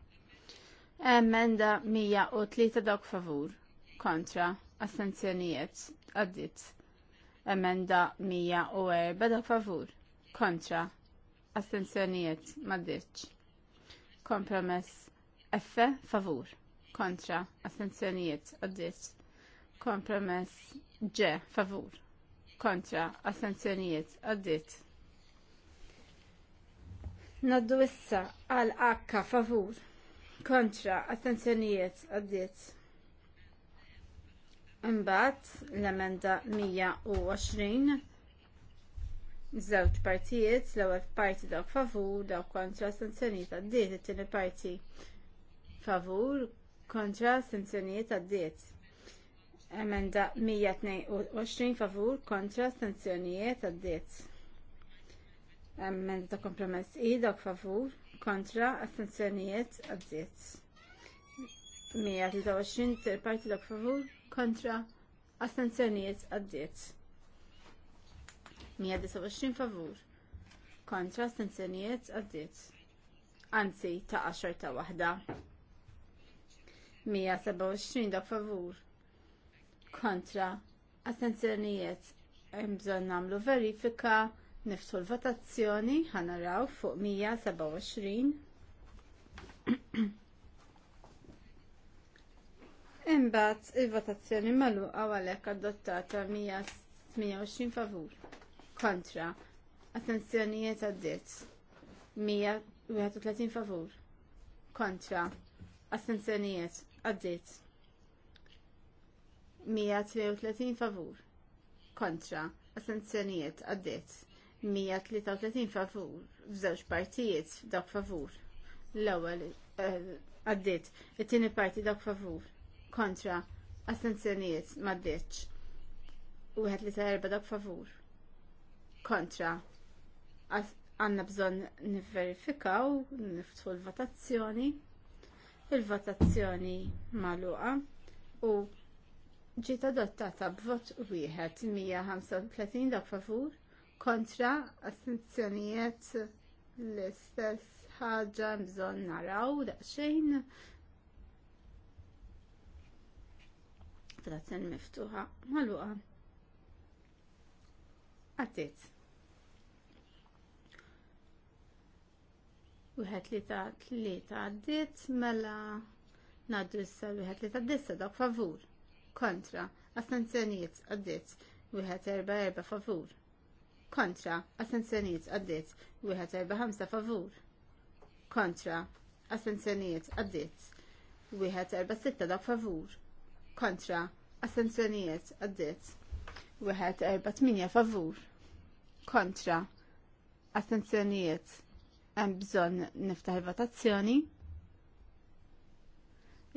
Emenda 103 dawk favur kontra astenzjonijiet għaddit. Emenda 104 dawk favur kontra astenzjonijiet Maddiċ. Kompromess F favur kontra astenzjonijiet għaddit. Kompromess G favur kontra assenzjonijiet għaddit. Naddu issa għal akka favur kontra attenzjonijiet għaddiet. Imbagħad l-emenda 120 żewġ partijiet, l-ewwel parti dawk favur, dawk kontra attenzjonijiet għaddiet, it-tieni parti favur kontra attenzjonijiet għaddiet. Emenda 122 favur kontra sanzjonijiet għaddiet. Emenda ta' kompromess idok favur kontra sanzjonijiet għaddiet. 123 tir-parti dak favur kontra astenzjonijiet għaddiet. 129 favur kontra astenzjonijiet għaddiet. Anzi ta' 10 ta' waħda. 127 dok favur kontra hemm bżonn nagħmlu verifika niftu l-votazzjoni naraw fuq 127 Imbagħad il-votazzjoni magħluqa għalhekk adottata 128 favur kontra attenzjonijiet għaddiet 131 favur kontra attenzjonijiet għaddiet 133 favur kontra astenzjonijiet għaddiet 133 favur f'żewġ partijiet dak favur l-ewwel eh, għaddiet it-tieni parti dak favur kontra assenzjonijiet m'għaddietx wieħed li erba' dak favur kontra għandna bżonn nifverifikaw niftħu l-votazzjoni il-votazzjoni maluqa u ġiet adottata b'vot wieħed 135 dak favur kontra assenzjonijiet l-istess ħaġa bżonn naraw daqsxejn tratten miftuħa magħluqa. Għattiet. Wieħed li ta' tlieta għaddiet mela ngħaddu issa wieħed li ta' dissa dak favur kontra, astenzjonijiet għaddit, wieħed erba' erba' favur, kontra, astenzjonijiet għaddit, wieħed erba' ħamsa favur, kontra, astenzjonijiet għaddit, wieħed erba' sitta dak favur, kontra, astenzjonijiet għaddit, wieħed erba' tminja favur, kontra, astenzjonijiet hemm bżonn niftaħ il-votazzjoni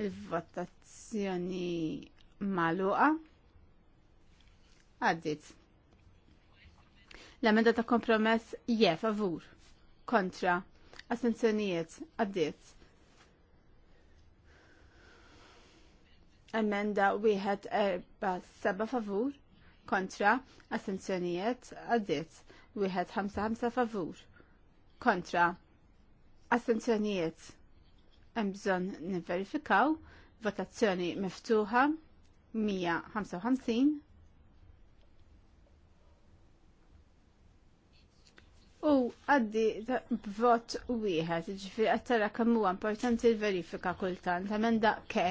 il-votazzjoni maluqa għaddit. L-emenda ta' kompromess je favur kontra assenzjonijiet għaddit. Emenda wieħed erba seba favur kontra assenzjonijiet għaddit. Wieħed ħamsa ħamsa favur kontra assenzjonijiet hemm bżonn nivverifikaw votazzjoni miftuħa. U għaddi b'vot u wieħed, ġifiri għattara kemm huwa importanti l-verifika kultant, da' ke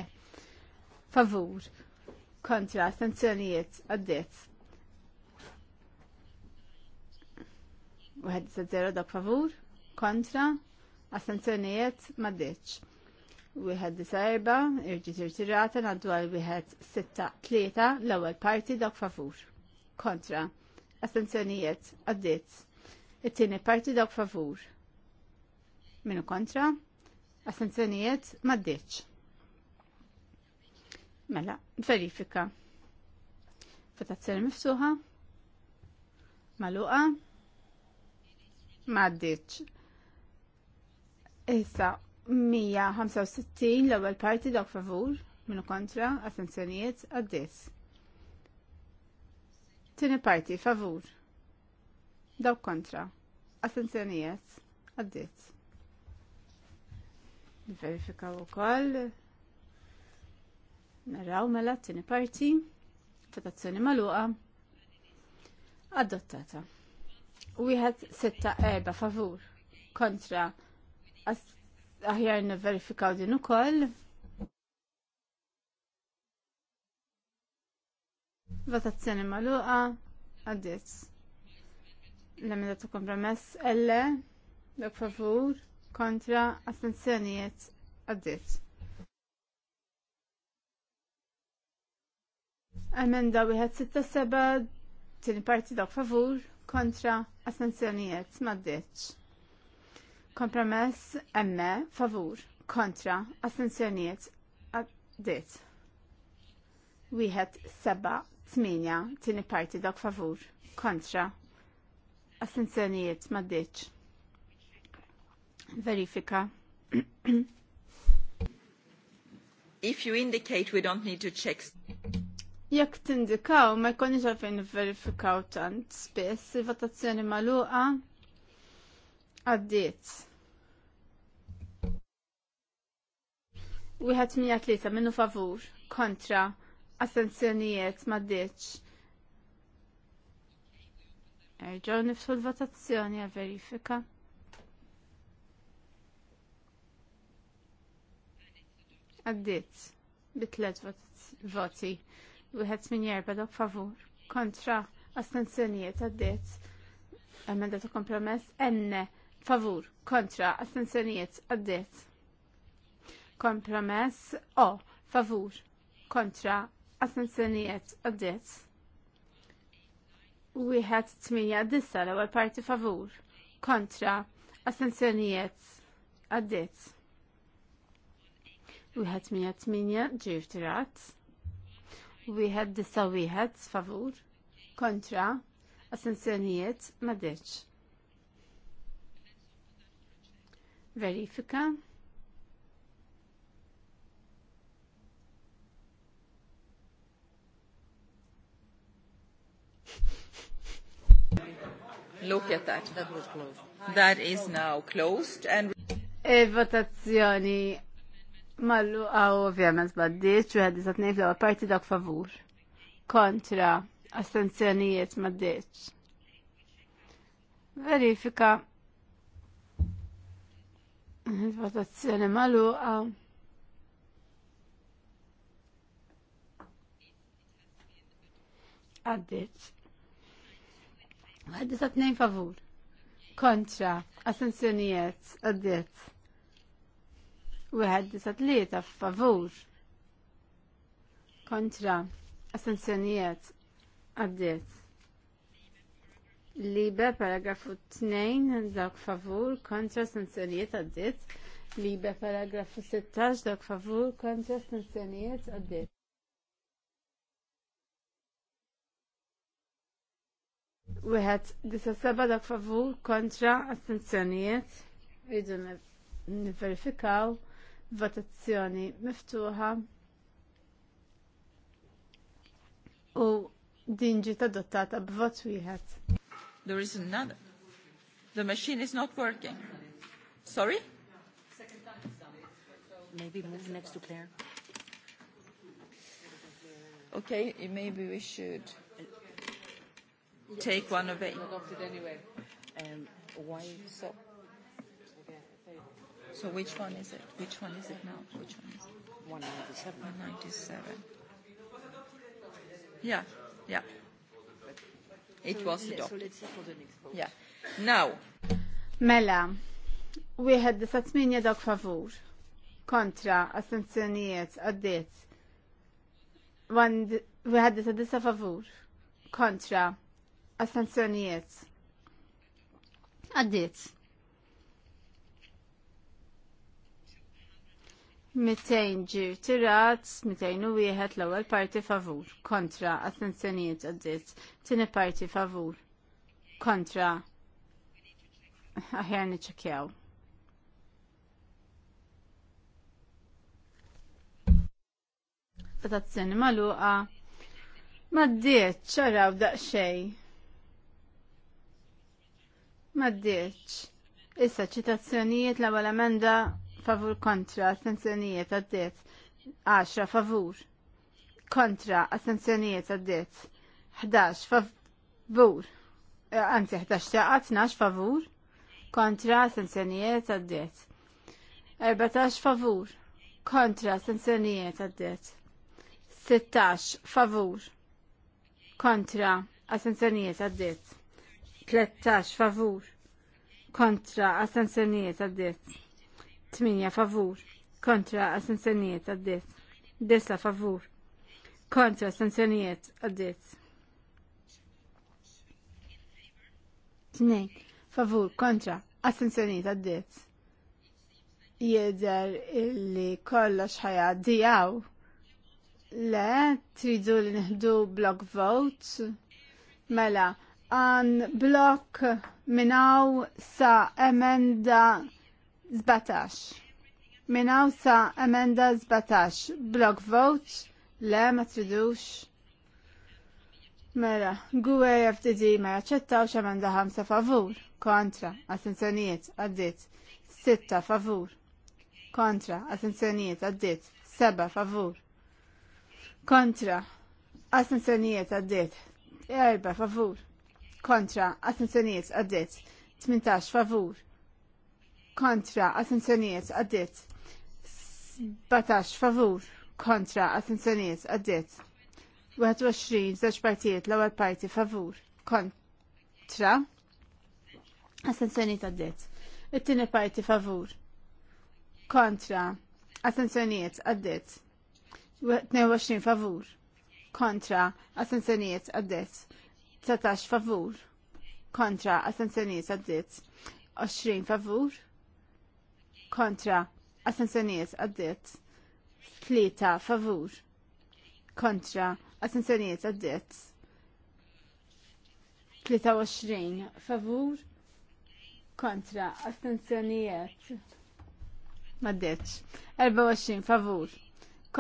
favur kontra sanzjonijiet għaddiet. Wieħed sa zero dak favur kontra astenzjonijiet maddiċ wieħed disarba, irġi tirtirata naddu għal wieħed sitta tlieta, l-ewwel parti dak favur. Kontra. Astenzjonijiet, għaddiet. It-tieni parti dak favur. Minu kontra? Astenzjonijiet, maddiċ. Mela, verifika. Votazzjoni miftuħa. Maluqa. Maddiċ. Issa, 165 l-ewwel parti dawk favur minu kontra attenzjonijiet għaddis. Tieni parti favur dawk kontra Attenzjonijiet għaddis. Verifikaw ukoll naraw mela tini parti votazzjoni magħluqa adottata. Wieħed sitta erba favur kontra aħjar n-verifikaw din ukoll. Votazzjoni magħluqa għaddiet. L-emenda ta' kompromess L, dok favur, kontra astenzjonijiet għaddis. Emenda wieħed sitta seba' tieni parti dak favur kontra astenzjonijiet m'għaddiex. Kompromess emme favur kontra astensjoniet għaddit. Wieħed seba' tminja tini parti dok favur kontra astensjoniet maddiċ. Verifika. If you indicate we don't need to check Jekk tindikaw ma jkunx għalfejn verifikaw tant spiss il-votazzjoni magħluqa għaddit. Wieħed mija tlieta minnu favur kontra astenzjonijiet m'għaddiex. Erġgħu nifsu l-votazzjoni għal verifika. Għaddiet bitlet voti. Wieħed minn jerba dok favur kontra astenzjonijiet għaddiet. Emenda ta' kompromess enne favur kontra astenzjonijiet għaddiet. Kompromess O. Favur. Kontra. Astenzjonijiet. Għaddiet. Wieħed tminja disa l-ewwel parti favur. Kontra. Astenzjonijiet. Għaddiet. Wieħed mija tminja ġir tirat. Wieħed disa wieħed favur. Kontra. Astenzjonijiet. Madiċ. Verifika. Verifika. Look at that. That was closed. That is now closed and e votazzjoni mallu għaw ovvjament baddiċ u għaddisa t l parti dak favur. Kontra astenzjonijiet maddiċ. Verifika il-votazzjoni mallu għaw. Għaddiċ. Għaddi sa' t-nejn favur. Kontra, assenzjonijiet, għaddiet. U għaddi sa' t-lieta favur. Kontra, assenzjonijiet, għaddiet. Libe, paragrafu t-nejn, dak favur, kontra, assenzjonijiet, għaddiet. Libe, paragrafu 16, dak favur, kontra, assenzjonijiet, għaddiet. Wieħed disa seba dak favur kontra astenzjonijiet. Rridu niverifikaw votazzjoni miftuħa u din ġiet adottata b'vot wieħed. There is another. The machine is not working. Sorry? Maybe move next to Claire. Okay, maybe we should take one away. Adopted Um, why so? So which one is it? Which one is it now? Which one is it? 197. Yeah, yeah. It was adopted. Yeah. Now. Mela, we wieħed disa tminja dak favur. Kontra, astenzjonijiet, għaddiet. Wieħed disa disa favur. Kontra, Astenzjonijiet. Għaddiet. 200 ġir tirat, 201 l-ewwel parti favur, kontra, attenzjonijiet għaddit, tieni parti favur, kontra, aħjar niċċekjaw. Votazzjoni maluqa, ma ddiet diet ċaraw daqxej. Maddiċ. Issa ċitazzjonijiet l-ewwel emenda favur kontra, attenzjonijiet għaddiet. 10 favur. Kontra, attenzjonijiet għaddiet. 11 favur. Eh, anzi, 11 ta' 12 favur. Kontra, attenzjonijiet għaddiet. 14 favur. Kontra, attenzjonijiet għaddiet. 16 favur. Kontra, attenzjonijiet għaddiet. 13 favur kontra astensjonijiet għaddit. 8 favur kontra astensjonijiet għaddit. Dessa favur kontra astensjonijiet għaddit. 2 favur kontra astensjonijiet għaddit. Jeder illi kollox ħajaddijaw. Le, tridu li nħdu block vote. Mela, għan blok minnaw sa emenda 17. Minnaw sa emenda 17. Blok vote, le ma tridux. Mela, gwe FDD ma jaċċettaw xamenda 5 favur, kontra, assenzjonijiet, għaddit, 6 favur, kontra, assenzjonijiet, għaddit, 7 favur, kontra, assenzjonijiet, għaddit, 4 favur, kontra attenzjoniet, għaddit 18 favur kontra attenzjoniet, għaddit 17 favur kontra attenzjoniet, għaddit 21 żewġ partijiet l-ewwel parti favur kontra attenzjoniet, għaddit it-tieni parti favur kontra attenzjoniet, għaddit 22 favur kontra attenzjoniet, għaddit Satax favur. Kontra astensjonijiet għaddit. 20 favur. Kontra astensjonijiet għaddit. 3 favur. Kontra astensjonijiet għaddit. 23 favur. Kontra astensjonijiet. Maddeċ. 24 favur.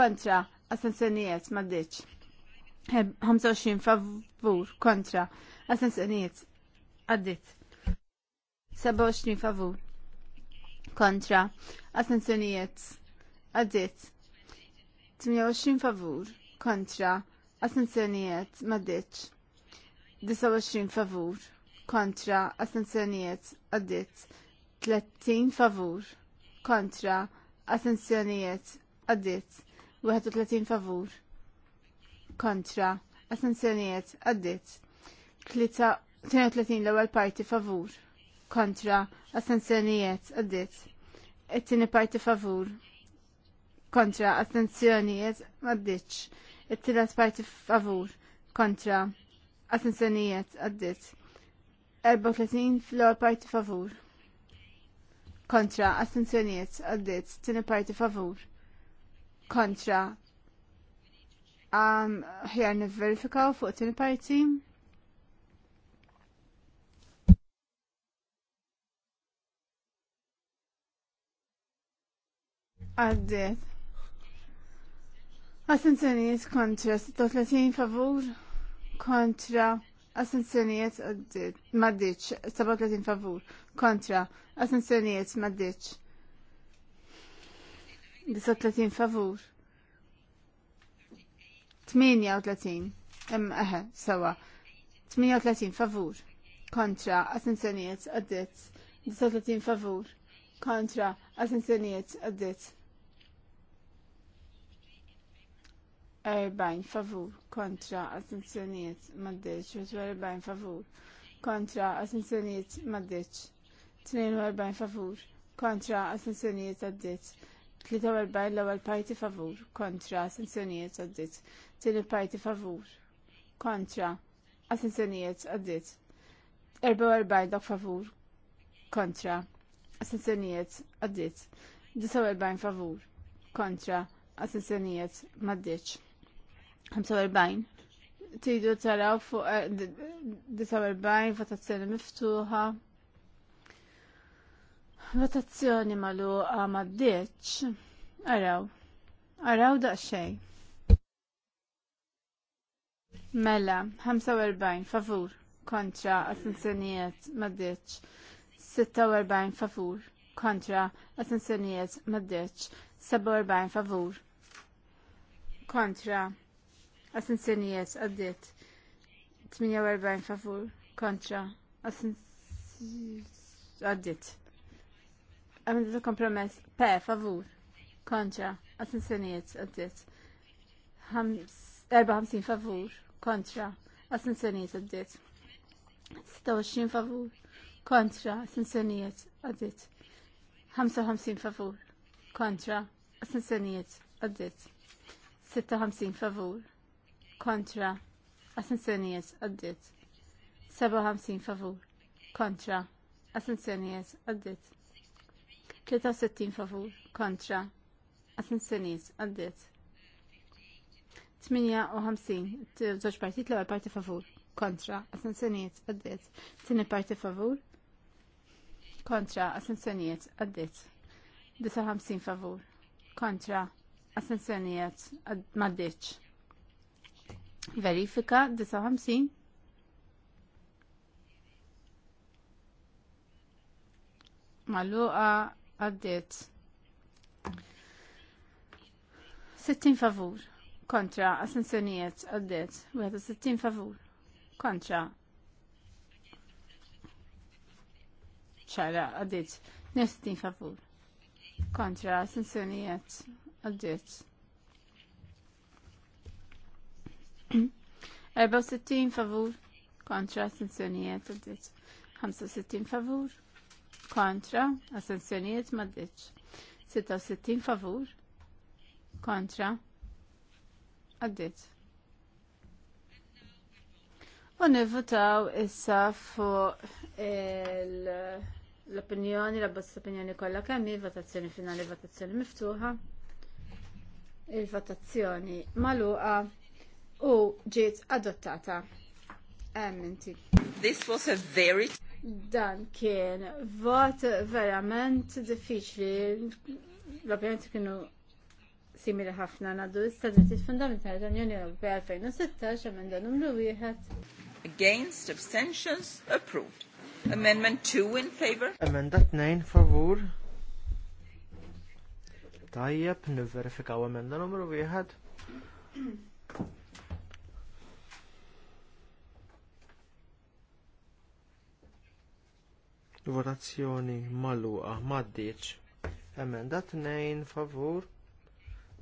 Kontra astensjonijiet maddeċ. 25 favur kontra astensjonijiet għaddit 27 favur kontra astensjonijiet għaddit 28 favur kontra astensjonijiet maddiċ 29 favur kontra astensjonijiet għaddit 30 favur kontra astensjonijiet għaddit 31 favur kontra assenzjonijiet għaddit 32 l-ewwel parti favur kontra attenzjoniet, għaddit it-tieni parti favur kontra assenzjonijiet għaddit, it-tielet parti favur kontra assenzjonijiet għaddit 34 fl-ewwel parti favur kontra assenzjonijiet għaddit tieni parti favur kontra ħjar nivverifikaw fuq tin parti. Għaddiet. Assenzjoniet kontra 36 favur kontra assenzjoniet għaddiet maddiċ 37 favur kontra assenzjoniet maddiċ 39 favur 38 Em, eħe, sawa. 38 favur. Kontra, assenzjoniet, għaddit. 39 favur. Kontra, assenzjoniet, għaddit. 40 favur. Kontra, assenzjoniet, maddeċ 40 favur. Kontra, assenzjoniet, maddeċ 42 favur. Kontra, assenzjoniet, għaddit. 43 l-ewwel parti favur. Kontra, assenzjoniet, għaddit. Tieni parti favur. Kontra. għasinsenijiet, għaddit. 44 dak favur. Kontra. għasinsenijiet, għaddit. 49 favur. Kontra. għasinsenijiet, maddiċ. 45. Tidu taraw fuq 49 eh, votazzjoni miftuħa. Votazzjoni maluqa maddiċ. Araw. Araw daqxej. Mela, 45 favur kontra attenzjonijiet maddeċ. 46 favur kontra attenzjonijiet maddeċ. 47 favur kontra attenzjonijiet għaddit. 48 favur kontra għaddit. Għamil kompromess P favur kontra attenzjonijiet għaddit. 54 favur kontra assenzjonijiet għaddit. 26 favur kontra assenzjonijiet għaddit. 55 favur kontra assenzjonijiet għaddit. 56 favur kontra assenzjonijiet għaddit. 57 favur kontra assenzjonijiet għaddit. 63 favur kontra assenzjonijiet għaddit. 58 zoċ partit l-ewwel parti favur kontra assenzjonijiet għaddiet. tini parti favur kontra assenzjonijiet għaddit, 59 favur kontra assenzjonijiet maddiċ. Verifika 59 maluqa għaddit. 60 favur kontra assenzjonijiet għaddiet 61 favur kontra ċara għaddiet 60 favur kontra assenzjonijiet għaddiet 64 favur kontra assenzjonijiet għaddiet 65 favur kontra assenzjonijiet maddiċ 66 favur kontra Għaddit. U nivvotaw issa fuq l-opinjoni, la bozza opinjoni kollha kemm votazzjoni finali, votazzjoni miftuħa. Il-votazzjoni maluqa u ġiet adottata. Emmenti. This was a very dan kien vot verament diffiċli. L-opinjoni kienu simili ħafna għandu l-istadritit fundamentali tal-Unjoni Ewropea 2016 emenda numru wieħed. Against abstentions approved. Amendment 2 in favor. Amendment 2 favur. Tajjeb, nivverifikaw emenda numru wieħed. Votazzjoni maluqa maddiċ. Emendat 2 favur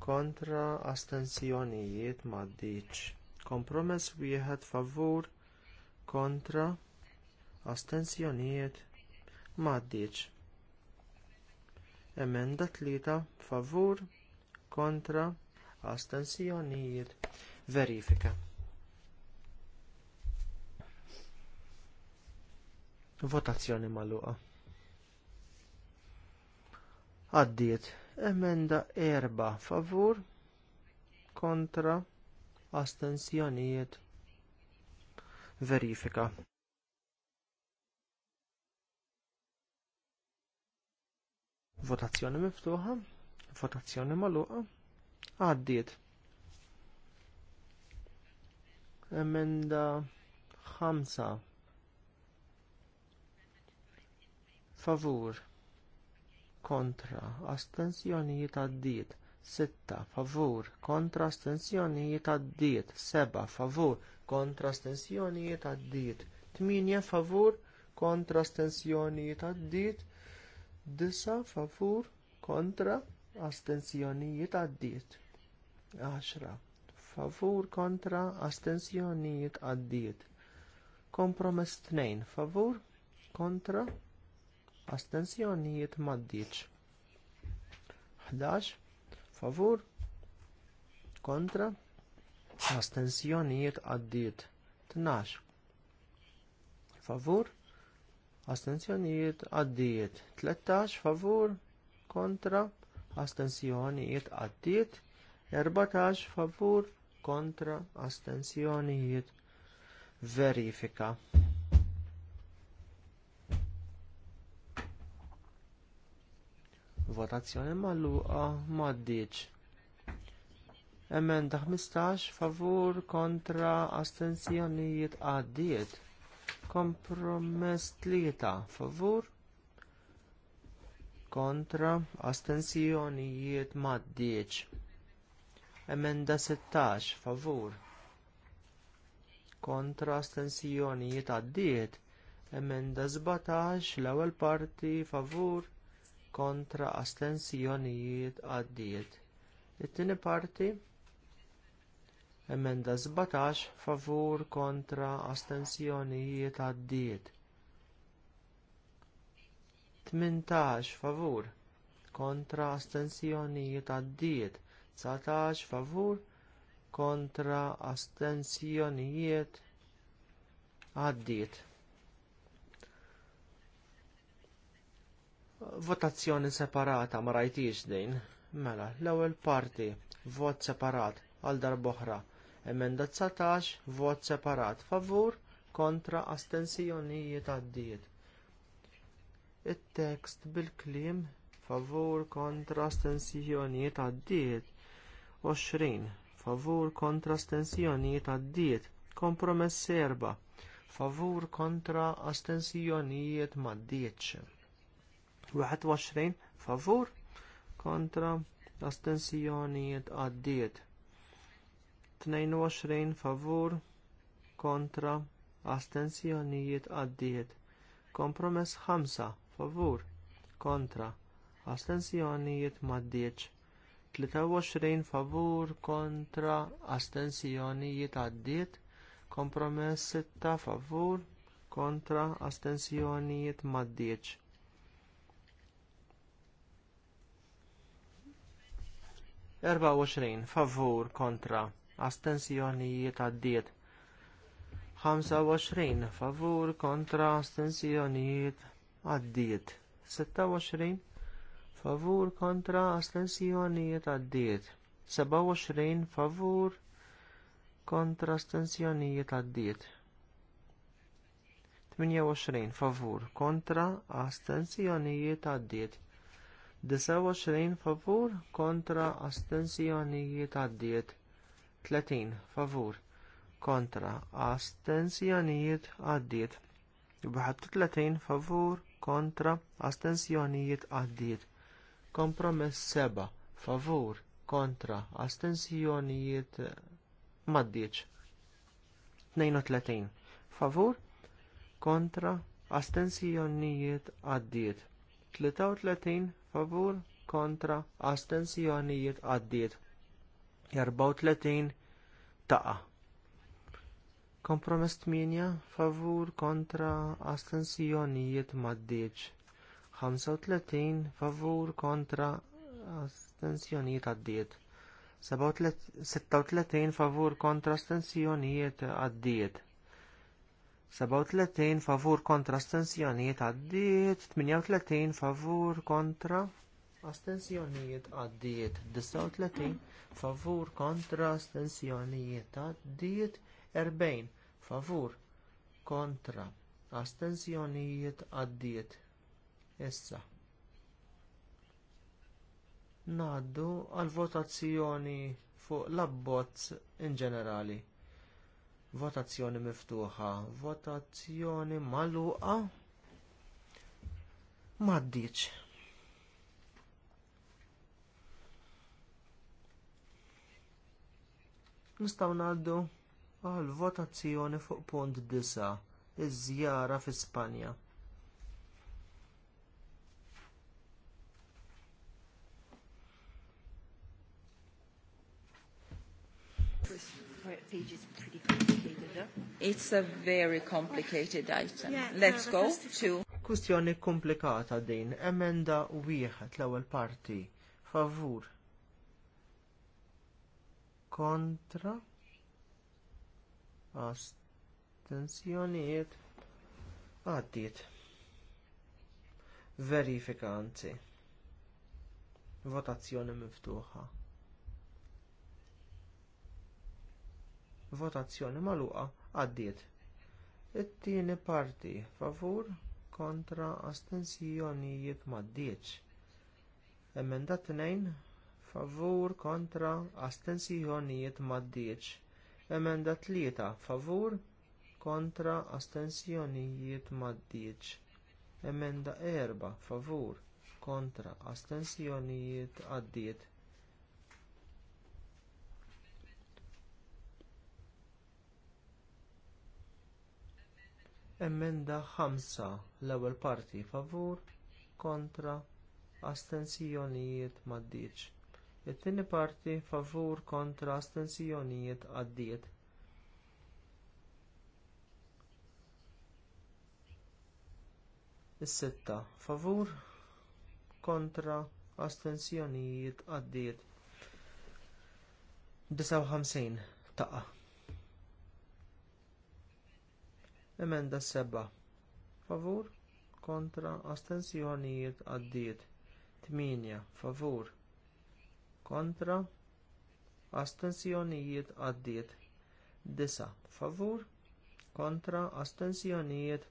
kontra astensjonijiet maddiċ. Kompromess wieħed favur kontra astensjonijiet maddiċ. Emenda tlieta favur kontra astensjonijiet verifika. Votazzjoni magħluqa. Għaddiet Emenda erba favur kontra astensjonijiet verifika. Votazzjoni miftuħa, votazzjoni magħluqa, għaddiet. Emenda 5 favur kontra, astensjonijiet għaddiet, sitta favur, kontra astensjonijiet għaddiet, seba favur, kontra astensjonijiet għaddiet, tminja favur, kontra astensjonijiet għaddiet, disa favur, kontra astensjonijiet għaddiet. 10. Favur kontra astensjonijiet għaddiet. Kompromess tnejn. Favur kontra astensjonijiet maddiċ. 11 favur kontra astensjonijiet għaddiet. 12 favur astensjonijiet għaddiet. 13 favur kontra astensjonijiet għaddiet. 14 favur kontra astensjonijiet verifika. Votazzjoni magħluqa m'għaddiex. Emenda 15 favur kontra astensjonijiet għaddiet. Kompromess tlieta favur kontra astensjonijiet m'għaddiex. Emenda 16 favur kontra astensjonijiet għaddiet emenda 17 l-ewwel parti favur kontra astensjonijiet għaddiet. It-tieni parti emenda 17 favur kontra astensjonijiet għaddiet. 18 favur kontra astensjonijiet għaddiet. 19 favur kontra astensjonijiet għaddiet. Votazzjoni separata ma rajtix din. Mela, l-ewwel parti, vot separat għal darboħra. Emenda 19, vot separat favur kontra astensjonijiet għaddiet. It-tekst bil-klim favur kontra astensjonijiet għaddiet. 20. Favur kontra astensjonijiet għaddiet. Kompromess serba. Favur kontra astensjonijiet maddietx. 21 favur kontra astensjonijiet għaddiet 22 favur kontra astensjonijiet għaddiet kompromess 5 favur kontra astensjonijiet maddieċ 23 favur kontra astensjonijiet għaddiet kompromess 6 favur kontra astensjonijiet maddieċ 24 favur kontra astensjonijiet għaddiet 25 favur kontra astensjonijiet għaddiet 26 favur kontra astensjonijiet għaddiet 27 favur kontra astensjonijiet għaddiet 28 favur kontra astensjonijiet għaddiet 29 favur kontra astensjonijiet għaddiet. 30 favur kontra astensjonijiet għaddiet. 31 favur kontra astensjonijiet għaddiet. Kompromess 7 favur kontra astensjonijiet eh, maddiċ. 32 favur kontra astensjonijiet għaddiet. 33 favur kontra astensjonijiet għaddiet. 34 taqa. Kompromess 8 favur kontra astensjonijiet maddiċ. 35 favur kontra astensjonijiet għaddiet. 36 favur kontra astensjonijiet għaddiet. 37 favur kontra astensjonijiet għaddiet, 38 favur kontra astensjonijiet għaddiet, 39 favur kontra astensjonijiet għaddiet, 40 favur kontra astensjonijiet għaddiet. Issa. Ngħaddu għal votazzjoni fuq l-abbozz in ġenerali. Votazzjoni miftuħa. Votazzjoni magħluqa. Maddiċ. Nistgħu ngħaddu għal votazzjoni fuq punt 9 iż-żjara fi Spanja. pages It's a very complicated item. Let's go to... Kustjoni komplikata din, emenda wieħed l-ewwel parti. Favur. Kontra. Astensjoniet. Għaddit. Verifikanti. Votazzjoni miftuħa. votazzjoni magħluqa għaddiet. It-tieni parti favur kontra astensjonijiet maddiċ. Emenda tnejn favur kontra astensjonijiet maddiċ. Emenda tlieta favur kontra astensjonijiet maddiċ. Emenda erba favur kontra astensjonijiet għaddiet Emenda 5 l-ewwel parti favur kontra astensjonijiet maddiċ. It-tieni parti favur kontra astensjonijiet għaddiet. Is-sitta favur kontra astensjonijiet għaddiet. 59 taqa' Emenda seba. Favur kontra astensjonijiet għaddiet. Tminja. Favur. Kontra. Astensjonijiet għaddiet. Disa. Favur. Kontra. Astensjonijiet.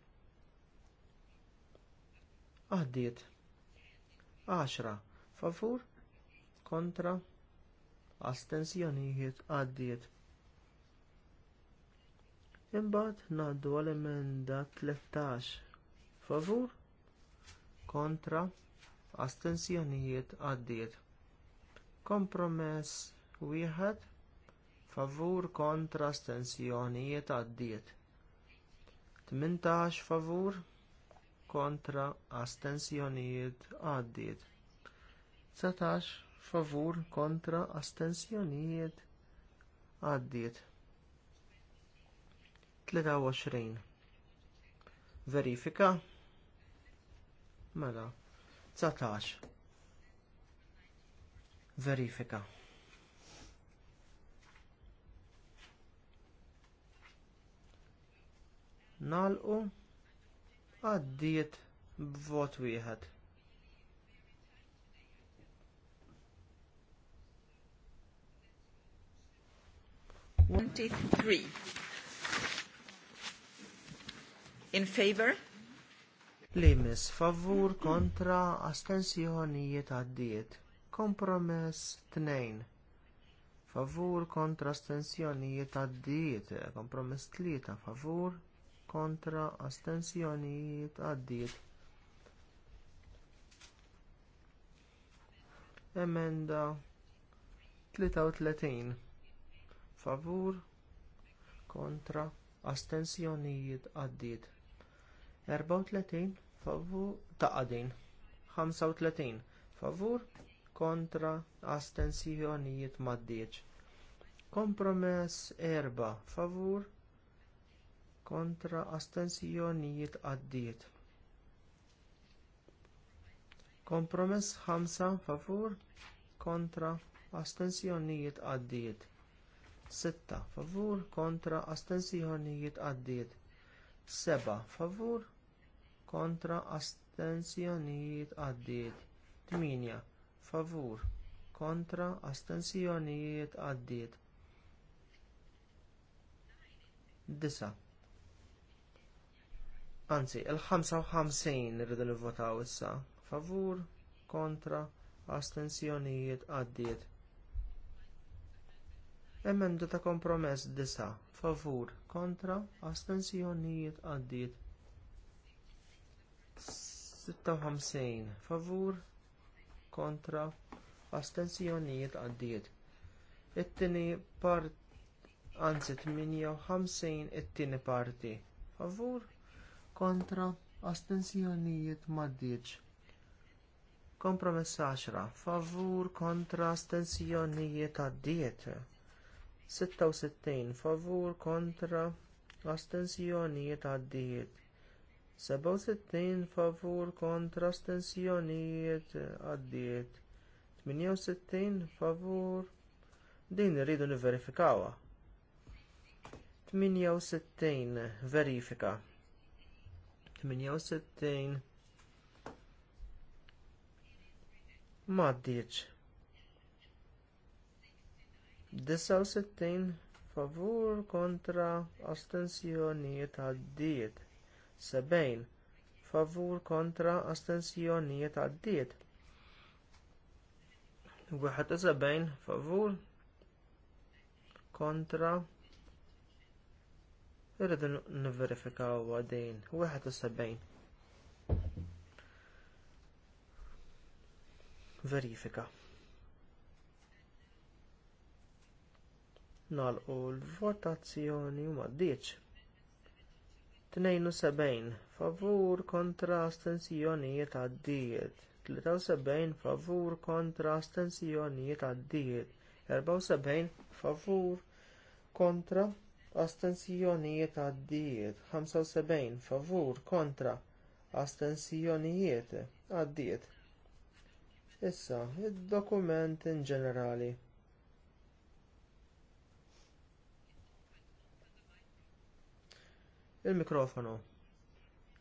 Għaddiet. 10. Favur. Kontra. Astensjonijiet għaddiet. Imbagħad ngħaddu għall emenda 13. Favur? Kontra? Astensjonijiet għaddiet. Kompromess wieħed? Favur kontra astensjonijiet għaddiet. 18 favur kontra astensjonijiet għaddiet. 17 favur kontra astensjonijiet għaddiet. 23. Verifika. Mela. 19. Verifika. Nalqu għaddiet b'vot wieħed. Twenty-three in favor li mis favur kontra astensjonijiet għaddiet kompromess tnejn favur kontra astensjonijiet għaddiet kompromess tlieta favur kontra astensjonijiet għaddiet emenda 33 favur kontra astensjonijiet għaddiet 34 favur taqadin 35 favur kontra astensjonijiet maddieċ. Kompromess erba favur kontra astensjonijiet għaddiet. Kompromess 5 favur kontra astensjonijiet għaddiet. 6 favur kontra astensjonijiet għaddiet. 7 favur kontra astensjonijiet għaddiet. 8 favur kontra astensjonijiet għaddiet. 9 Anzi, il-55 rridu nivvotaw issa. Favur, kontra, astensjonijiet għaddiet. Emenda ta' kompromess disa, favur, kontra, astensjonijiet għaddiet. 56 favur kontra astensjonijiet għaddiet. It-tieni part anzi 58 it-tieni parti favur kontra astensjonijiet maddiċ. Kompromess 10 favur kontra astensjonijiet għaddiet. 66 favur kontra astensjonijiet għaddiet. 67 favur kontra stensjonijiet għaddiet. 68 favur din irridu niverifikawa. 68 verifika. 68 maddiċ. 69 favur kontra astensjonijiet għaddiet sebgħin favur kontra astensjonijiet għaddiet. Wieħed sebgħin favur kontra Irridu niverifikaw għadin. Wieħed sebgħin. Verifika. Nalqu l-votazzjoni ma' diċ. 72 favur kontra astensjonijiet għaddiet, 73 favur kontra astensjonijiet għaddiet, 74 favur kontra astensjonijiet għaddiet, 75 favur kontra astensjonijiet għaddiet. Issa, id-dokument in ġenerali. Il-mikrofonu.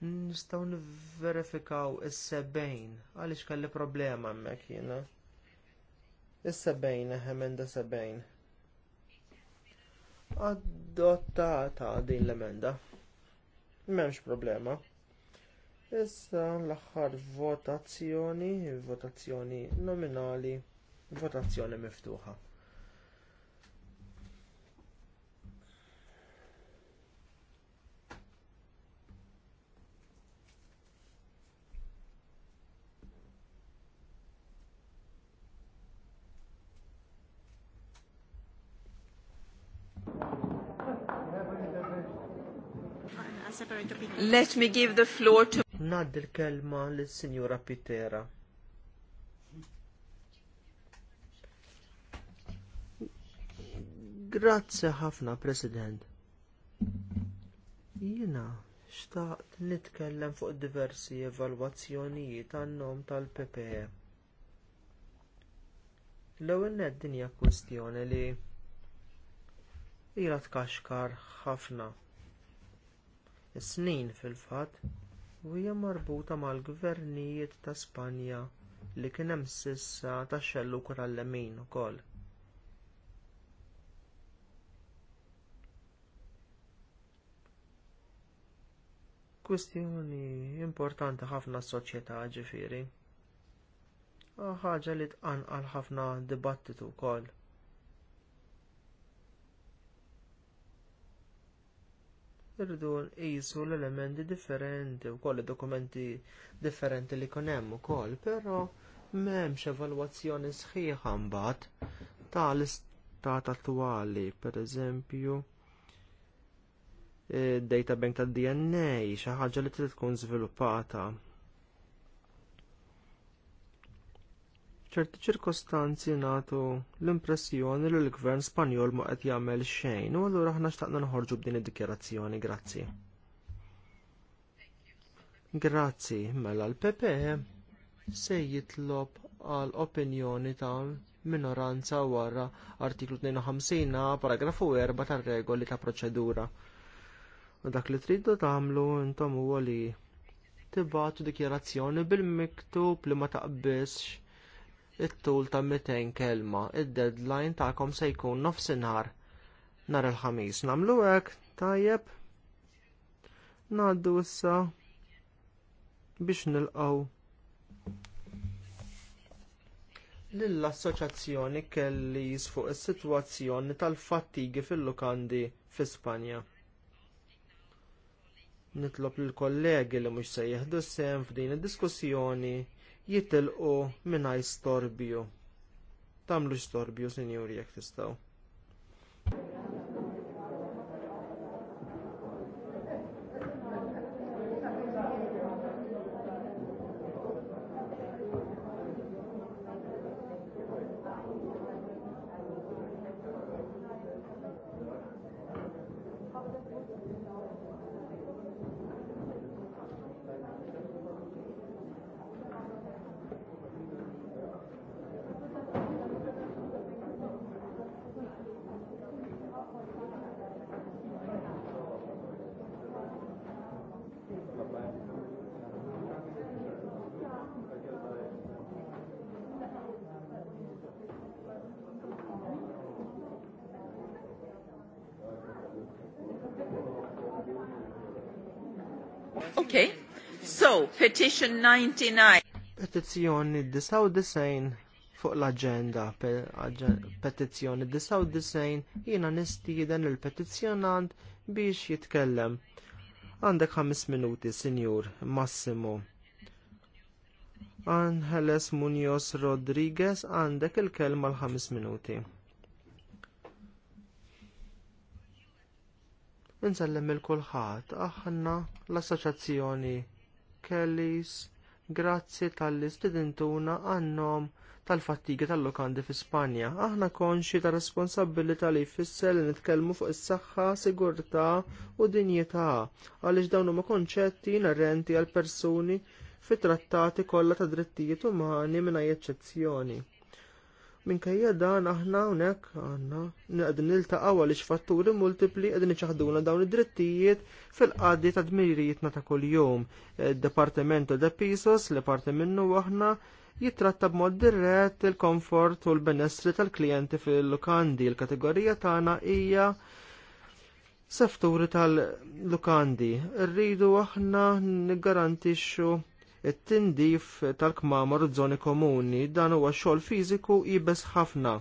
Nistgħu nivverifikaw is-sebejn għaliex kelli problema hemmhekk jiena. Is-sebejn emenda sebejn. Adottata din l-emenda. M'hemmx problema. Issa l-aħħar votazzjoni, votazzjoni nominali, votazzjoni miftuħa. Let me give the floor to... Nad il-kelma l-Sinjura Pitera. Grazzi ħafna, President. Jina, xtaqt nitkellem fuq diversi evalwazzjonijiet għan-nom tal-PPE. L-ewwel ned dinja kwestjoni li ila kaxkar ħafna snin fil-fatt u hija marbuta mal-gvernijiet ta' Spanja li kien hemm sissa ta' xelluk għall ukoll. Kwistjoni importanti ħafna s-soċjetà ġifieri. Ħaġa li tqanqal ħafna dibattitu wkoll. irridu nqisu l-elementi differenti u koll dokumenti differenti li jkun hemm ukoll, però m'hemmx evalwazzjoni sħiħa mbagħad tal-istat attwali, pereżempju d eh, data bank tad DNA xi ħaġa li trid tkun żviluppata ċerti ċirkostanzi nagħtu l-impressjoni li l-gvern Spanjol ma qed jagħmel xejn u allura aħna xtaqna nħorġu b'din id-dikjerazzjoni, grazzi. Grazzi, mela l-PPE se jitlob għal opinjoni ta' minoranza wara artiklu 52 paragrafu 4 tar-regoli ta' proċedura. U dak li tridu tagħmlu intom huwa li tibgħatu dikjerazzjoni bil-miktub li ma taqbilx it-tul ta' 200 kelma. Id-deadline tagħkom se jkun nofsinhar nhar il-ħamis. Nagħmlu hekk tajjeb. Ngħaddu issa biex nilqgħu lill-assoċjazzjoni Kellys fuq is-sitwazzjoni tal-fattigi fil-lukandi fi Spanja. Nitlob lill kollegi li mhux se jieħdu sehem f'din id-diskussjoni jitilqu mingħajr storbju. Tagħmlu storbju, sinjuri, jekk tistgħu. petition 99. Petizzjoni 99 fuq l-agenda, petizzjoni 99 jiena nistiden il-petizzjonant biex jitkellem. Għandek 5 minuti, Sinjur, Massimo. Angeles Munoz Rodriguez għandek il-kelma l-5 minuti. Insellem il-kulħat, aħna l-Assoċjazzjoni Kellys, grazzi tal-istidentuna għannom tal-fattiga tal-lokandi fi Spanja. Aħna konxi ta' responsabilità li jfisser li nitkellmu fuq is-saħħa, sigurtà u dinjità għaliex dawn huma konċetti inerrenti għal persuni fit trattati kollha ta' drittijiet umani mingħajr eċċezzjoni. Minkejja dan aħna hawnhekk għandna qegħdin niltaqgħu għaliex fatturi multipli qegħdin iċaħduna dawn id-drittijiet fil qaddi ta' dmirijietna ta' kuljum. Departamento da Pisos l parti minnu aħna jitratta b'mod dirett il-komfort u l-benessri tal-klijenti fil-lukandi. Il-kategorija tagħna hija sefturi tal-lukandi. Rridu aħna niggarantixxu it-tindif tal-kmamar żoni komuni dan huwa xogħol fiżiku jibes ħafna,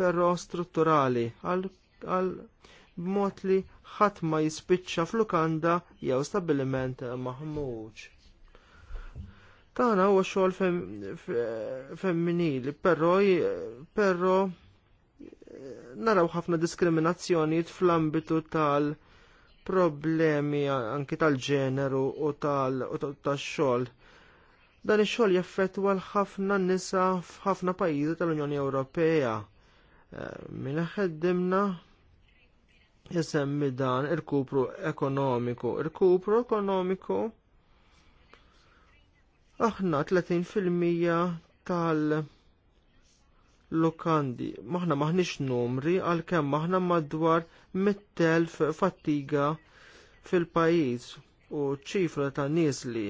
però strutturali għal b'mod li ħadd ma jispiċċa f'lukanda jew stabbiliment maħmuġ. Tana huwa xogħol fem, femminili, però però naraw ħafna diskriminazzjonijiet fl-ambitu tal- problemi anki tal-ġeneru u tal-xol. Dan ix-xogħol jaffettwa l-ħafna nisa f'ħafna pajjiżi tal-Unjoni Ewropea. Eh, minn ħeddimna isemmi dan irkupru ekonomiku. Il-kupru ekonomiku aħna 30% tal- lokandi. Maħna maħniex numri għal kem maħna madwar 100.000 fattiga fil-pajjiż u ċifra ta' nies li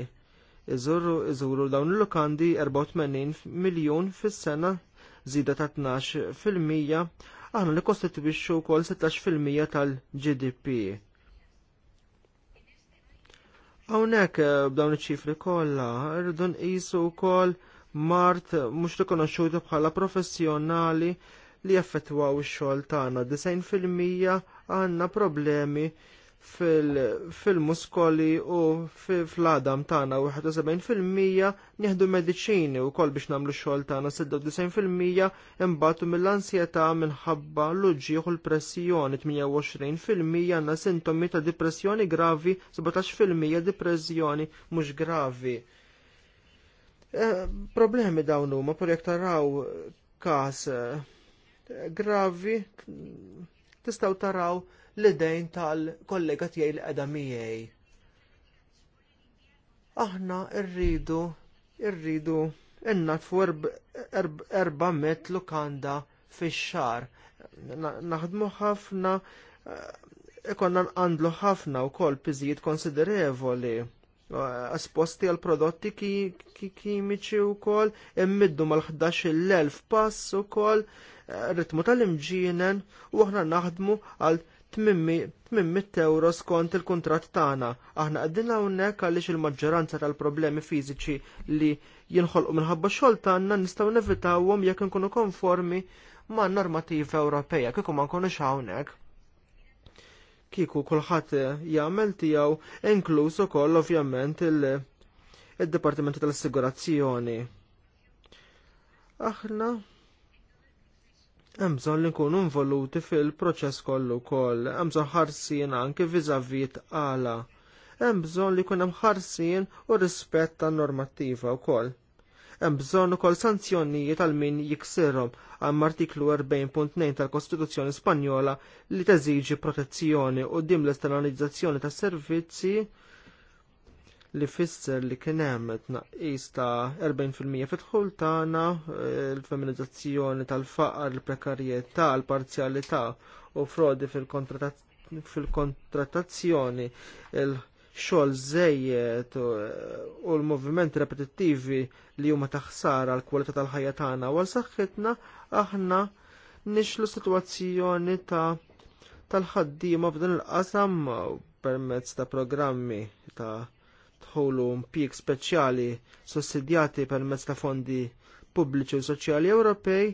Iżurru iżuru dawn il-lokandi 84 miljun fis-sena żieda ta' 12 fil-mija aħna li kostitwixxu wkoll 16 fil-mija tal-GDP. Hawnhekk eh, b'dawn iċ-ċifri kollha rridu nqisu wkoll mart mhux rikonoxxuti bħala professjonali li jaffettwaw ix-xogħol tagħna. 90% għandna problemi fil-muskoli u fil-adam tagħna 71% nieħdu mediċini wkoll biex nagħmlu xogħol tagħna 96% imbagħtu mill-ansjetà minħabba l uġigħ u l-pressjoni 28% għandna sintomi ta' depressjoni gravi 17% depressjoni mhux gravi. Problemi dawn huma per jekk taraw każ gravi tistgħu taraw l-idejn tal-kollega tiegħi li qiegħda miegħi. Aħna rridu rridu innatfu 400 lukanda fix-xar. Naħdmu ħafna eh, ikonna nqandlu ħafna u kol piżijiet konsiderevoli. Asposti eh, għal prodotti kimiċi u kol, immiddu mal-11.000 pass u kol, eh, ritmu tal-imġinen u aħna naħdmu għal 800 euro skont il kuntratt tagħna. Aħna qegħdin hawnhekk għaliex il-maġġoranza tal-problemi fiżiċi li jinħolqu minħabba xogħol tagħna nistgħu nevitawhom jekk inkunu konformi ma' normativa Ewropeja kieku ma nkunux hawnhekk. Kieku kulħadd jagħmel tiegħu inkluż ukoll ovvjament il-Dipartiment tal-Assigurazzjoni. Aħna Hemm bżonn li nkunu involuti fil-proċess kollu wkoll, hemm bżonn anki vizavit għala. tqala. Hemm bżonn li jkun hemm u rispett tan-normattiva wkoll. Hemm bżonn ukoll sanzjonijiet għal min jiksirhom għam artiklu 40.9 tal-Kostituzzjoni Spanjola li teżiġi protezzjoni quddiem l-esternalizzazzjoni tas-servizzi li fisser li kien hemm tnaqqis ta' 40% fid-dħul tagħna, l feminizzazzjoni tal-faqar, il-prekarjetà, l-parzjalità u frodi fil-kontrattazzjoni, il-xogħol żejjed u l-movimenti repetittivi li huma ħsara għall kwalità tal-ħajja tagħna u saħħitna aħna nixlu sitwazzjoni ta' tal-ħaddiema f'dan il-qasam permezz ta' programmi ta' tħolu mpik speċjali sussidjati permezz ta' fondi pubbliċi u soċjali Ewropej,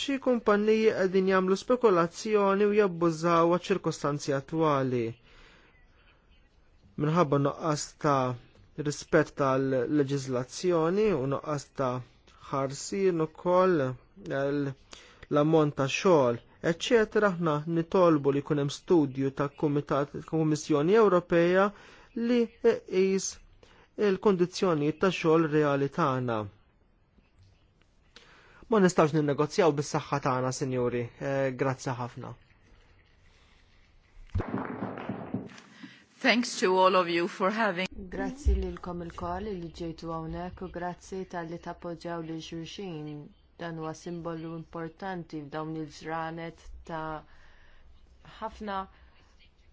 xi kumpanniji qegħdin jagħmlu spekulazzjoni u jabbużaw ċirkostanzi attwali. Minħabba noqqas ta' rispett tal-leġiżlazzjoni u noqqas ta' ħarsin ukoll l-ammont ta' xogħol, eċċetera, aħna nitolbu li jkun hemm studju ta' Kumitat Kummissjoni Ewropea li iqis il kondizjoni ta' xogħol reali tagħna. Ma nistax ninnegozjaw bis-saħħa tagħna, sinjuri. Eh, grazzi ħafna. Thanks to all of you for having. Grazzi lilkom il-koll li ġejtu hawnhekk u grazzi tal-li tappoġġjaw lil xulxin. Dan huwa simbolu importanti f'dawn il-ġranet ta' ħafna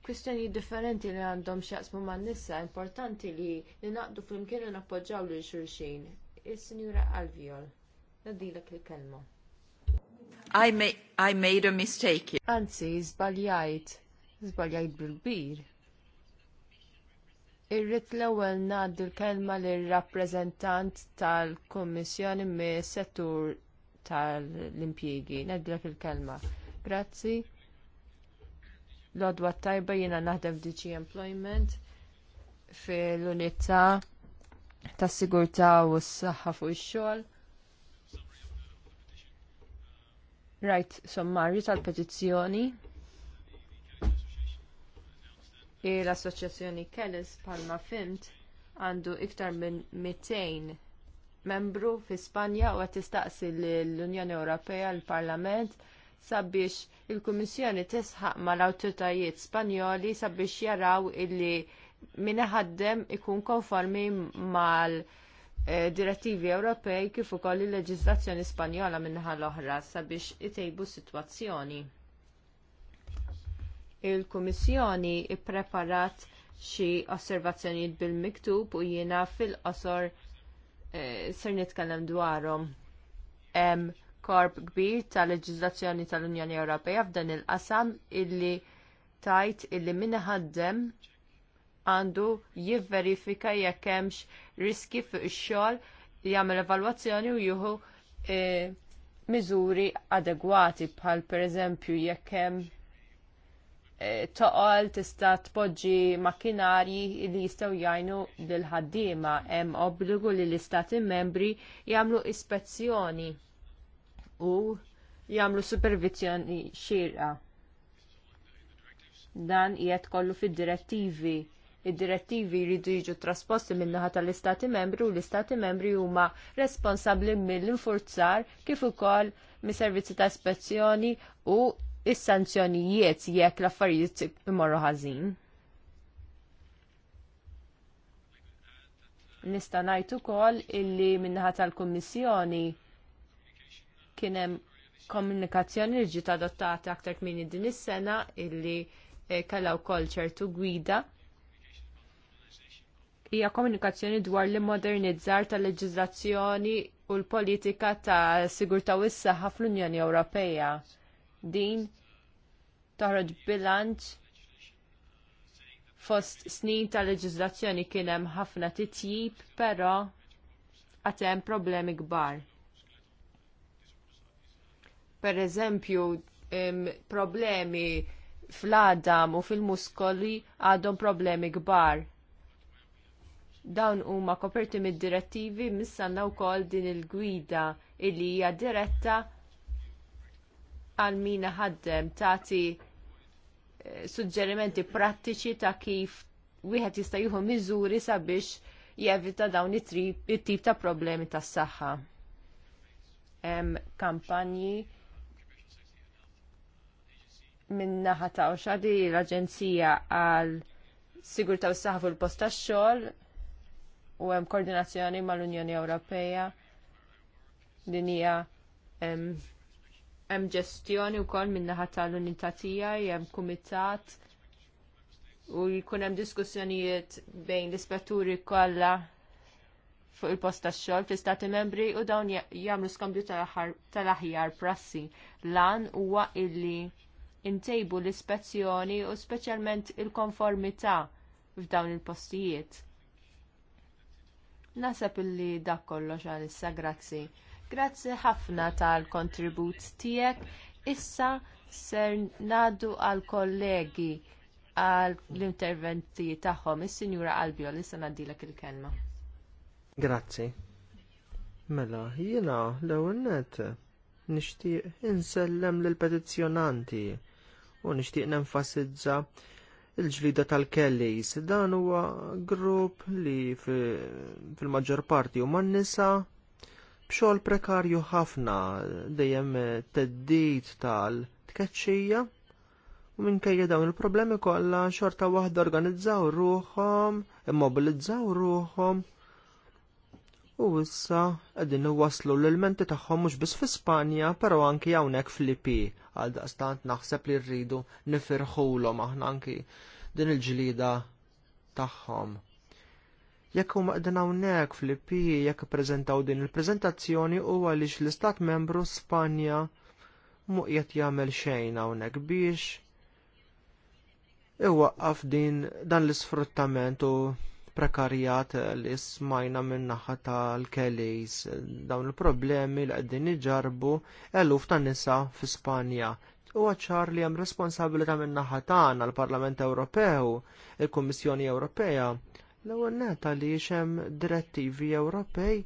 kwistjoni differenti li għandhom xaqsmu man nissa importanti li li naqdu flimkien u nappoġġaw lil xulxin. Is-Sinjura Alviol, nadilek il-kelma. I, ma I made a mistake. Anzi, żbaljajt, żbaljajt bil-bir. Irrid l-ewwel ngħaddi l-kelma lir-rappreżentant tal-Kummissjoni mis-settur tal-impjiegi. Nadilek il-kelma. Grazzi l-odwa tajba jiena naħdem DG Employment fil-unità tas sigurtà u s-saħħa fuq ix-xogħol. Rajt sommarju tal-petizzjoni. E l-Assoċjazzjoni Kellis palma fimt għandu iktar minn 200 membru fi Spanja u għat tistaqsi l-Unjoni Ewropea, l-Parlament, sabiex il-Kummissjoni tisħaq mal-awtoritajiet Spanjoli sabiex jaraw illi min ħaddem ikun konformi mal- eh, direttivi Ewropej kif ukoll il-leġiżlazzjoni Spanjola minnaħa l-oħra sabiex itejbu s-sitwazzjoni. Il-Kummissjoni ppreparat xi osservazzjonijiet bil-miktub u jiena fil-qosor eh, ser nitkellem dwarhom. Hemm korp kbir ta' leġiżlazzjoni tal-Unjoni Ewropea f'dan il-qasam illi tajt illi min iħaddem għandu jivverifika jekk hemmx riski fuq ix-xogħol jagħmel evalwazzjoni u jieħu e, miżuri adegwati bħal pereżempju jekk hemm e, toqol tista' tpoġġi makkinarji li jistgħu jgħinu lil ħaddiema hemm obbligu li l-istati membri jagħmlu ispezzjoni u jagħmlu supervizjoni xirqa. Dan jiet kollu fid-direttivi. Id-direttivi jridu jiġu trasposti min-naħa tal-Istati Membri u l-Istati Membri huma responsabbli mill-infurzar kif ukoll mis-servizzi ta' ispezzjoni u is-sanzjonijiet jekk l-affarijiet imorru ħażin. Nista' ngħid ukoll illi min-naħa tal-Kummissjoni Kien hemm komunikazzjoni li ġiet adottata aktar kmini din is-sena illi eh, kellha wkoll ċertu gwida hija komunikazzjoni dwar li modernizzar tal-leġiżlazzjoni u l-politika ta' sigurtà u s-saħħa fl-Unjoni Ewropea. Din toħroġ bilanċ fost snin ta' leġiżlazzjoni kien hemm ħafna titjib, però għad hemm problemi kbar per eżempju problemi fl-adam u fil-muskoli għadhom problemi kbar. Dawn huma koperti mid-direttivi missanna wkoll din il-gwida illi hija diretta għal min ħaddem tagħti eh, suġġerimenti prattiċi ta' kif wieħed jista' jieħu miżuri sabiex jevita dawn it-tip ta' problemi tas-saħħa. Hemm kampanji naħa ta' xaddi l-Aġenzija għal Sigurta u s-saħfu l tax-xogħol u hemm koordinazzjoni mal-Unjoni Ewropea din hija hemm ġestjoni wkoll min-naħa tal-unità tiegħi hemm kumitat u jkun hemm diskussjonijiet bejn l-ispetturi kollha fuq il-post tax-xogħol fl-istati membri u dawn jagħmlu skambju tal-aħjar prassi. Lan huwa illi intejbu l-ispezzjoni u speċjalment il-konformità f'dawn il-postijiet. Nasab illi dak kollox għalissa, grazzi. Grazzi ħafna tal-kontribut tiegħek. Issa ser nadu għal kollegi għal l-interventi tagħhom is-Sinjura Albio li naddilek il-kelma. Grazzi. Mela, jiena l-ewwel nishtiq nixtieq insellem lill petizzjonanti u nixtieq nenfasizza il-ġlida tal-Kellys. Dan huwa grupp li fil-maġġor parti huma nisa b'xogħol prekarju ħafna dejjem teddid tal-tkeċċija u minkejja dawn il-problemi kollha xorta waħda organizzaw ruħhom, immobilizzaw ruħhom u issa qegħdin waslu l elmenti tagħhom mhux biss fi Spanja, però anki hawnhekk fl-IP għal daqstant naħseb li rridu nifirħulhom aħna anki din il-ġlida tagħhom jekk huma qegħdin hawnhekk fl ipi jekk ippreżentaw din il-preżentazzjoni huwa għaliex l-Istat Membru Spanja mu qiegħed jagħmel xejn hawnhekk biex iwaqqaf din dan l-isfruttament u prekarjat li smajna min naħa tal kelejs Dawn il-problemi li qegħdin iġarbu eluf ta' nisa fi Spanja. U ċar li hemm responsabilità min naħa tagħna l-Parlament Ewropew, il-Kummissjoni Ewropea, l-ewwel neta li hemm direttivi Ewropej,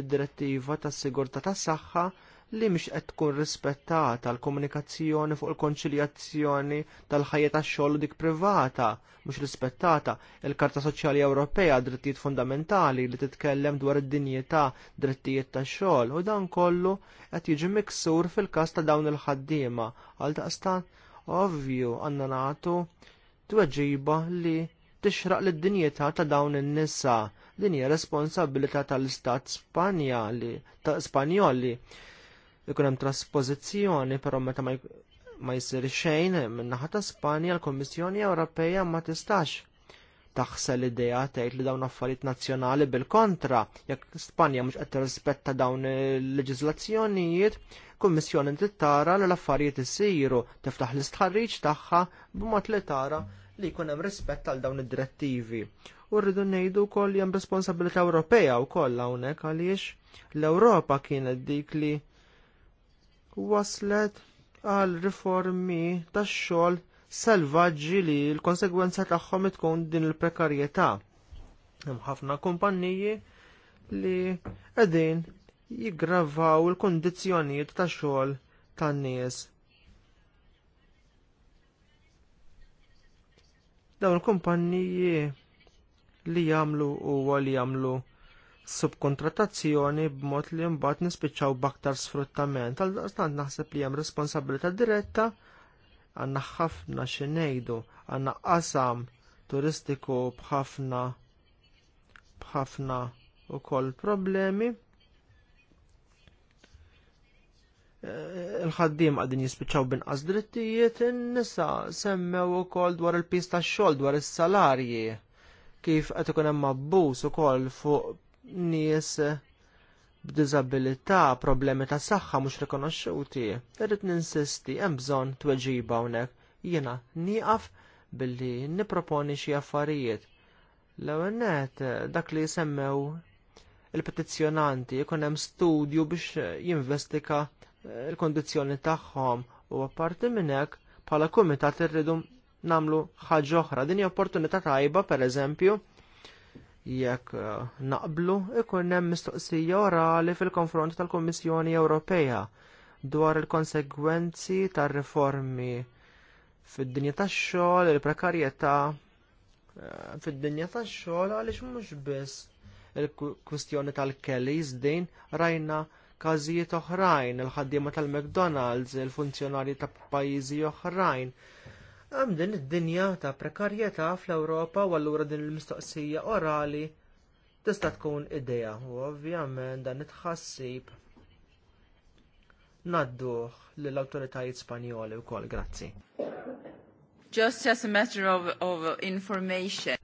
id-direttiva tas-sigurtà tas-saħħa, li mhix qed tkun rispettata l-komunikazzjoni fuq il-konċiljazzjoni tal-ħajja tax-xogħol dik privata mhux rispettata il-Karta Soċjali Ewropea drittijiet fundamentali li titkellem dwar id-dinjità drittijiet tax-xogħol u dan kollu qed jiġi miksur fil-każ ta' dawn il-ħaddiema għal daqstan ovvju għandna nagħtu tweġiba li tixraq lid dinjità ta' dawn in-nisa din hija responsabilità tal-Istat Spanja li ta' Spanjoli ikun hemm traspożizzjoni, però meta ma jsir xejn min-naħa ta' Spanja l-Kummissjoni Ewropea ma tistax taħsel idea tgħid li dawn affarijiet nazzjonali bil-kontra jekk Spanja mhux qed tirrispetta dawn il-leġiżlazzjonijiet, kummissjoni trid tara li l-affarijiet isiru tiftaħ l-istħarriġ tagħha b'mod li tara li jkun hemm rispett għal dawn id-direttivi. U rridu ngħidu wkoll hemm responsabilità Ewropea wkoll hawnhekk għaliex l-Ewropa kienet dik li waslet għal riformi tax-xogħol selvaġġi li l-konsegwenza tagħhom tkun din il-prekarjetà. Hemm ħafna kumpanniji li qegħdin jiggravaw il-kundizzjonijiet tax-xogħol tan-nies. Dawn il-kumpanniji li jagħmlu huwa li jagħmlu subkontratazzjoni b'mod li mbagħad nispiċċaw baktar sfruttament. Għal-għastant naħseb li hemm responsabilità diretta għandna ħafna xi ngħidu, għandna qasam turistiku bħafna bħafna ukoll problemi. Il-ħaddim għadin jispiċċaw binqas drittijiet, in-nisa semmew ukoll dwar il-pista tax-xogħol dwar is-salarji kif qed ikun hemm abbuż ukoll fuq nies b'diżabilità, problemi ta' saħħa mhux rikonoxxuti. Irrid ninsisti hemm bżonn tweġiba hawnhekk jiena nieqaf billi nipproponi xi affarijiet. L-ewwel nett, dak li semmew il-petizzjonanti jkun hemm studju biex jinvestiga eh, l-kondizzjoni tagħhom u apparti minn hekk bħala kumitat irridu nagħmlu ħaġa oħra. Din hija opportunità tajba pereżempju jekk eh, naqblu ikun hemm mistoqsija orali fil-konfront tal-Kummissjoni Ewropea dwar il-konsegwenzi tar-riformi fid-dinja tax-xogħol, il-prekarjetà eh, fid-dinja tax-xogħol għaliex mhux biss il-kwistjoni tal-Kellys din rajna każijiet oħrajn, il-ħaddiema tal-McDonald's, il-funzjonarji ta' pajjiżi oħrajn Għam din id-dinja ta' prekarjetà fl-Ewropa u allura din il-mistoqsija orali tista' tkun idea u ovvjament dan it-ħassib nadduh lill-awtoritajiet Spanjoli wkoll grazzi. Just as a matter of, of information.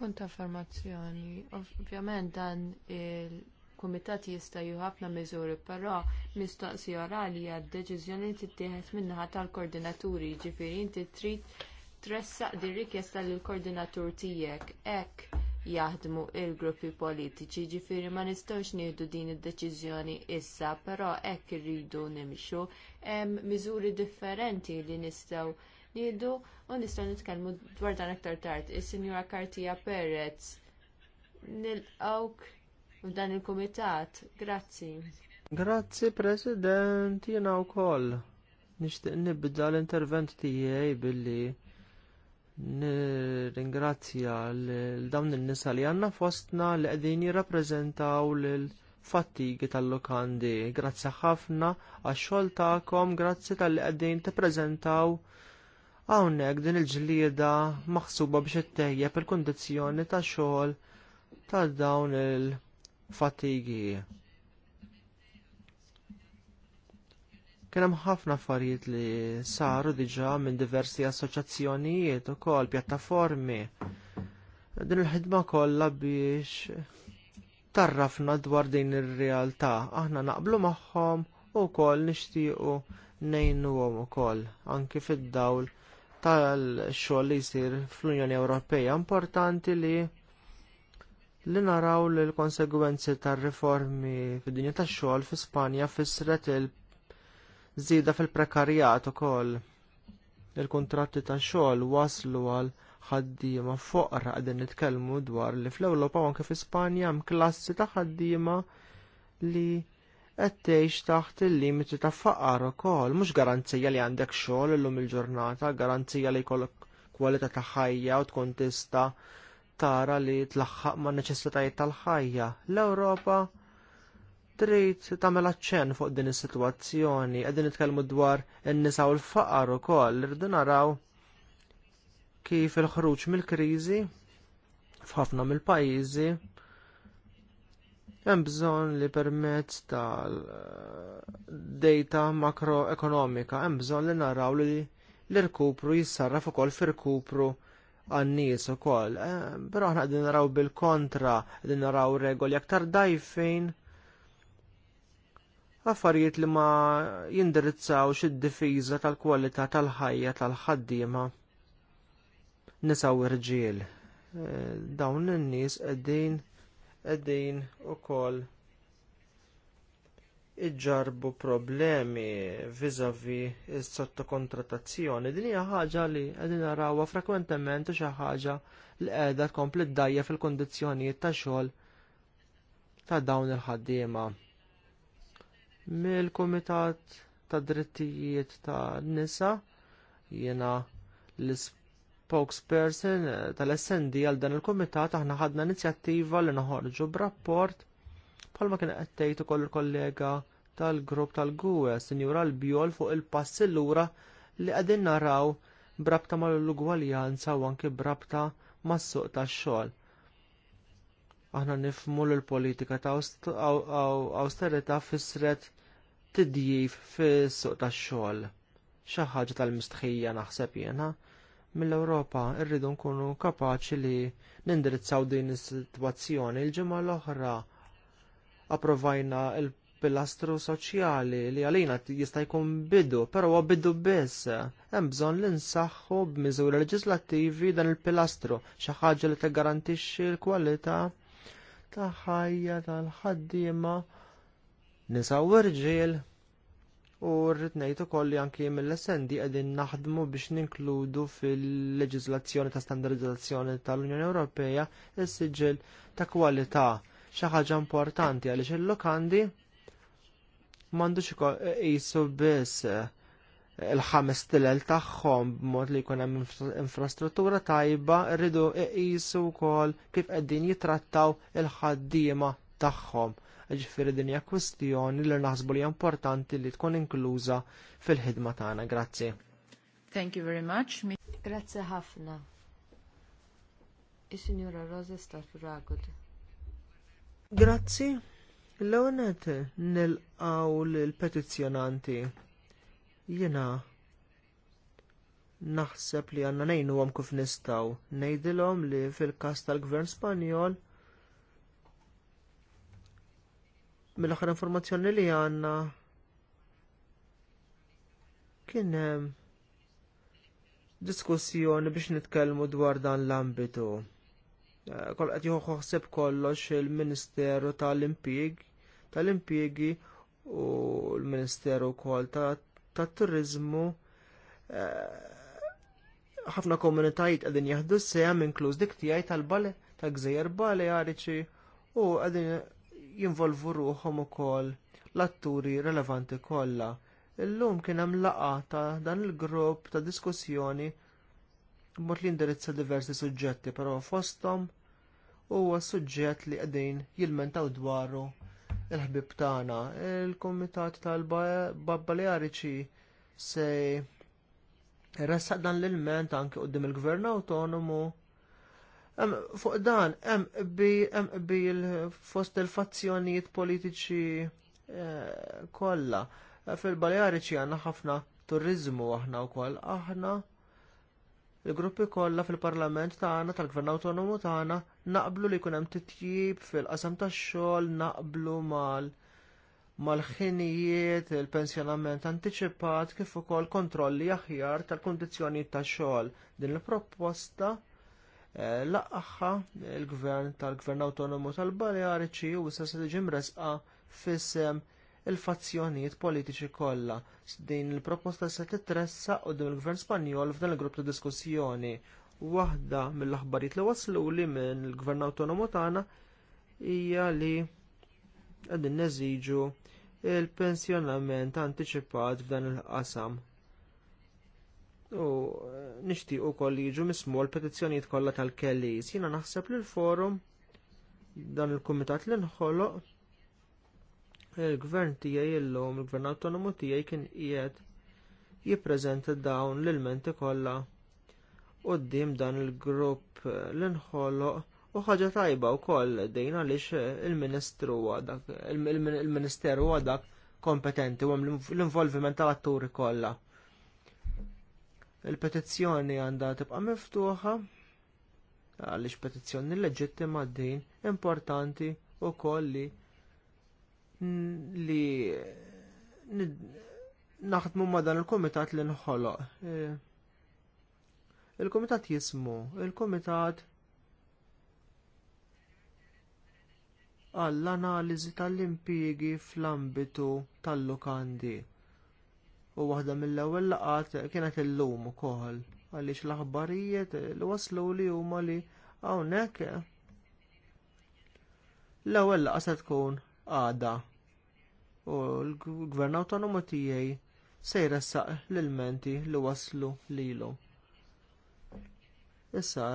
Punta affermazzjoni, ovvjament dan il- kumitat jista' ħafna miżuri, però mistoqsija orali għad deċiżjoni tittieħed min-naħa tal-koordinaturi, ġifieri inti trid tressaq din rikjesta lill koordinatur tiegħek. Hekk jaħdmu l gruppi politiċi, ġifieri ma nistgħux nieħdu din id-deċiżjoni issa, però hekk irridu nimxu hemm miżuri differenti li nistgħu nieħdu u nistgħu nitkellmu dwar dan aktar tard. Is-Sinjura Kartija Perez nilqawk f'dan il-kumitat. Grazzi. Grazzi President, jena u koll. Nishtiq nibda l-intervent tijaj billi ringrazzja l-dawn il-nisa li għanna fostna li għedin jirrapprezentaw l-fattigi tal-lokandi. Grazzi ħafna għax-xogħol tagħkom, grazzi tal-li qegħdin tippreżentaw hawnhekk din il-ġlieda maħsuba biex ittejjeb il-kundizzjoni ta' xogħol ta' dawn il- fatigi. Kien hemm ħafna affarijiet li saru diġà minn diversi assoċjazzjonijiet ukoll pjattaformi. Din il-ħidma kollha biex tarrafna dwar din ir-realtà. Aħna naqblu magħhom ukoll nixtiequ ngħinuhom ukoll anke fid-dawl tal-xogħol li jsir fl-Unjoni Ewropea importanti li li naraw li l-konsegwenzi tar-riformi fid-dinja tax-xogħol fi Spanja fisret il żieda fil-prekarjat ukoll. Il-kuntratti tax-xogħol waslu għal ħaddiema foqra qegħdin nitkellmu dwar li fl-Ewropa u anke fi Spanja hemm klassi ta' ħaddiema li qed tgħix taħt il-limiti ta' faqar ukoll, mhux garanzija li għandek xogħol illum il-ġurnata, garanzija li jkollok kwalità ta' ħajja u tkun tista' tara li tlaħħaq man neċessitajiet tal-ħajja. L-Ewropa trid tagħmel aċċenn fuq din is-sitwazzjoni, qegħdin nitkellmu dwar in-nisa u l-faqar ukoll, irridu naraw kif il-ħruġ mill-kriżi f'ħafna mill-pajjiżi hemm bżonn li permezz tal-data makroekonomika hemm bżonn li naraw li l-irkupru jissarraf ukoll fir-rkupru għannis u koll. Eh, Pero ħna għedin naraw bil-kontra, għedin naraw regoli aktar dajfin. Affarijiet li ma jindirizzaw id-difiża tal-kwalità tal-ħajja tal-ħaddiema. nisaw irġiel. Dawn eh, Dawn in-nies qegħdin qegħdin ukoll iġġarbu problemi vizavi s-sottokontrattazzjoni. Din hija ħaġa li qegħdin narawha frekwentement xi ħaġa li qiegħda tkompli ddajja fil-kondizzjonijiet ta' xogħol ta' dawn il-ħaddiema. Mill-Kumitat ta' Drittijiet ta' Nisa jiena l-spokesperson tal-SND għal dan il-Kumitat aħna ħadna inizjattiva li noħorġu b'rapport Palma kien ukoll il kollega tal-grupp tal-GUE, Sinjura l-Bjol fuq il pass l-ura li għadin naraw brabta mal l-ugwaljanza u anki brabta mas suq tax-xogħol. Aħna nifmu l-politika ta' austerita fissret tidjif fis suq tax-xogħol. Xi ħaġa tal-mistħija naħseb jiena mill-Ewropa rridu nkunu kapaċi li nindirizzaw din is-sitwazzjoni l-ġimgħa l-oħra approvajna il-pilastru soċjali li għalina jista' jkun bidu, però huwa bidu biss. Hemm bżonn li nsaħħu b'miżuri leġislattivi dan il-pilastru xi ħaġa li tiggarantixxi l-kwalità ta' ħajja tal-ħaddiema nisa u rġiel u rrid ngħid ukoll li anke mill-essendi qegħdin naħdmu biex ninkludu fil-leġiżlazzjoni ta' standardizzazzjoni tal-Unjoni Ewropea is-siġil ta' kwalità xi ħaġa importanti għaliex il-lokandi m'għandux qisu e, biss e, il-ħames tilel tagħhom b'mod li jkun hemm infrastruttura tajba rridu jqisu e, wkoll kif qegħdin jitrattaw il-ħaddiema tagħhom. Ġifieri din hija kwestjoni li naħsbu li importanti li tkun inkluża fil-ħidma tagħna. Grazzi. Thank you very much. Grazzi ħafna. Is-Sinjura Rosa tal Grazzi. L-għonet nil-għaw l-petizjonanti jena naħseb li għanna nejnu għom kif nistaw. Nejdilom li fil-kas tal-gvern spanjol mill-axar informazzjoni li għanna kien diskussjoni biex nitkellmu dwar dan l-ambitu kol qed jħosseb kollox il-Ministeru tal-Impjieg tal-Impjiegi u l-Ministeru wkoll tat-Turiżmu eh, ħafna komunitajiet qegħdin jaħdu s-sejam inkluż dik tiegħi tal-Bale gżejjer Baleariċi u qegħdin jinvolvu ruħhom ukoll l-atturi relevanti kollha. Illum kien hemm laqgħa ta' dan il-grupp ta' diskussjoni b'mod li indirizza diversi suġġetti, però fosthom huwa suġġett li qegħdin jilmentaw dwaru il-ħbib tagħna. Il-Kumitat tal-Babbaleariċi se ressaq dan l-ilment anke quddiem il-Gvern Awtonomu Fuq dan, hemm qbil fost il-fazzjonijiet politiċi eh, kollha. Fil-Baleariċi għandna ħafna turiżmu aħna wkoll aħna il-gruppi kollha fil-Parlament tagħna tal-Gvern Awtonomu tagħna naqblu li jkun hemm titjib fil-qasam tax-xogħol naqblu mal mal-ħinijiet, il-pensjonament antiċipat kif ukoll kontrolli aħjar tal-kundizzjonijiet tax-xogħol. Din il-proposta eh, laqqaħħa il-gvern tal-Gvern Awtonomu tal-Baleariċi u issa se tiġi mresqa fis-sem il-fazzjonijiet politiċi kollha. Din il-proposta se titressa quddiem il-Gvern Spanjol f'dan il-grupp ta' diskussjoni. Waħda mill-aħbarijiet li waslu li minn il-Gvern Awtonomu tagħna hija li qegħdin neżiġu l pensjonament antiċipat f'dan il-qasam. U nixtieq ukoll jiġu mismu l-petizzjonijiet kollha tal-Kellis. Jiena naħseb li l-forum dan il-kumitat li nħoloq il-gvern tiegħi illum, il-gvern autonomu tiegħi kien qiegħed jippreżenta dawn l-ilmenti kollha quddiem dan il-grupp l nħoloq u ħaġa tajba wkoll dejna għaliex il-ministru għadak, il-ministeru għadak kompetenti u l-involviment tal-atturi kollha. Il-petizzjoni għandha tibqa' miftuħa għaliex petizzjoni leġittima din importanti u kolli Mm, li naħdmu ma dan il-komitat li nħoloq. E, il-komitat jismu, il-komitat għall-analiżi tal-impjiegi fl-ambitu tal-lukandi. U waħda mill-ewwel laqat kienet illum ukoll għaliex l-aħbarijiet li waslu li huma li hawnhekk l-ewwel laqgħa se tkun għada. U l-gvern autonomu tiegħi se jressaq l ilmenti li waslu lilu. Issa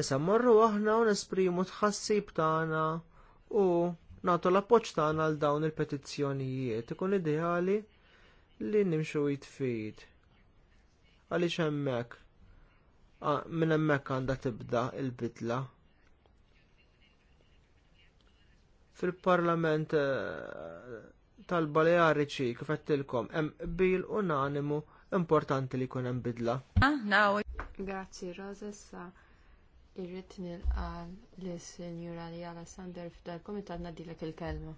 Issa mmorru aħna u nesprimu tħassib tagħna u nagħtu l-appoġġ tagħna għal dawn il-petizzjonijiet. Ikun ideali li nimxu jitfid għaliex hemmhekk ah, minn hemmhekk għandha tibda il bidla Fil-Parlament eh, tal-Baleariċi kif qedtilkom hemm qbil unanimu importanti li jkun hemm bidla. Ah, Grazzi Rosessa. Irrid nilqal li sinjura li Alessander f'dal komitat nadilek il-kelma.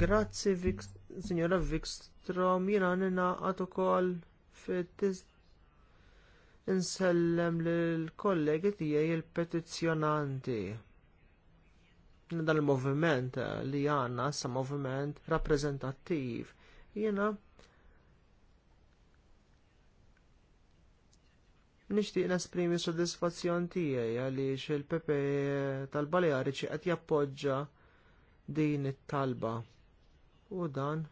Grazzi Signora Vikstrom, jina nina għatu kol fit insellem lill kollegi tiegħi il-petizzjonanti. Dan il-moviment li għandna sa moviment rappreżentattiv jiena nixtieq nesprimi sodisfazzjon tiegħi għaliex il-Pepe tal-Baleariċi qed jappoġġa din it-talba. U dan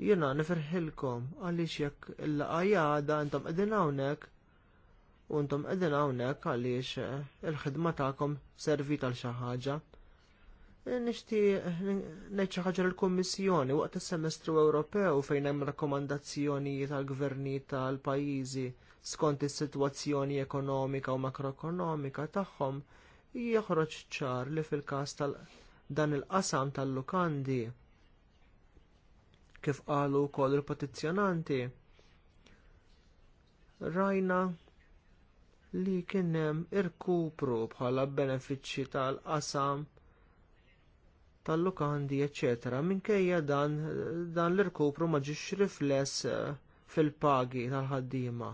Jiena nifirħilkom għaliex jekk il-laqgħa għadha intom qegħdin hawnhekk u intom qegħdin hawnhekk għaliex eh, il-ħidma tagħkom servita għal xi ħaġa. Eh, nixtieq eh, ngħid xi ħaġa lill-Kummissjoni waqt is-semestru Ewropew fejn hemm rakkomandazzjonijiet tal gvernijiet tal-pajjiżi skont is-sitwazzjoni ekonomika u makroekonomika tagħhom joħroġ ċar li fil-każ tal- dan il-qasam tal-lukandi kif qalu wkoll il-petizzjonanti. Rajna li kien hemm irkupru bħala benefiċċji tal-qasam tal-lukandi, eċetera, minkejja dan, dan l-irkupru ma ġiex rifless eh, fil-pagi tal-ħaddiema.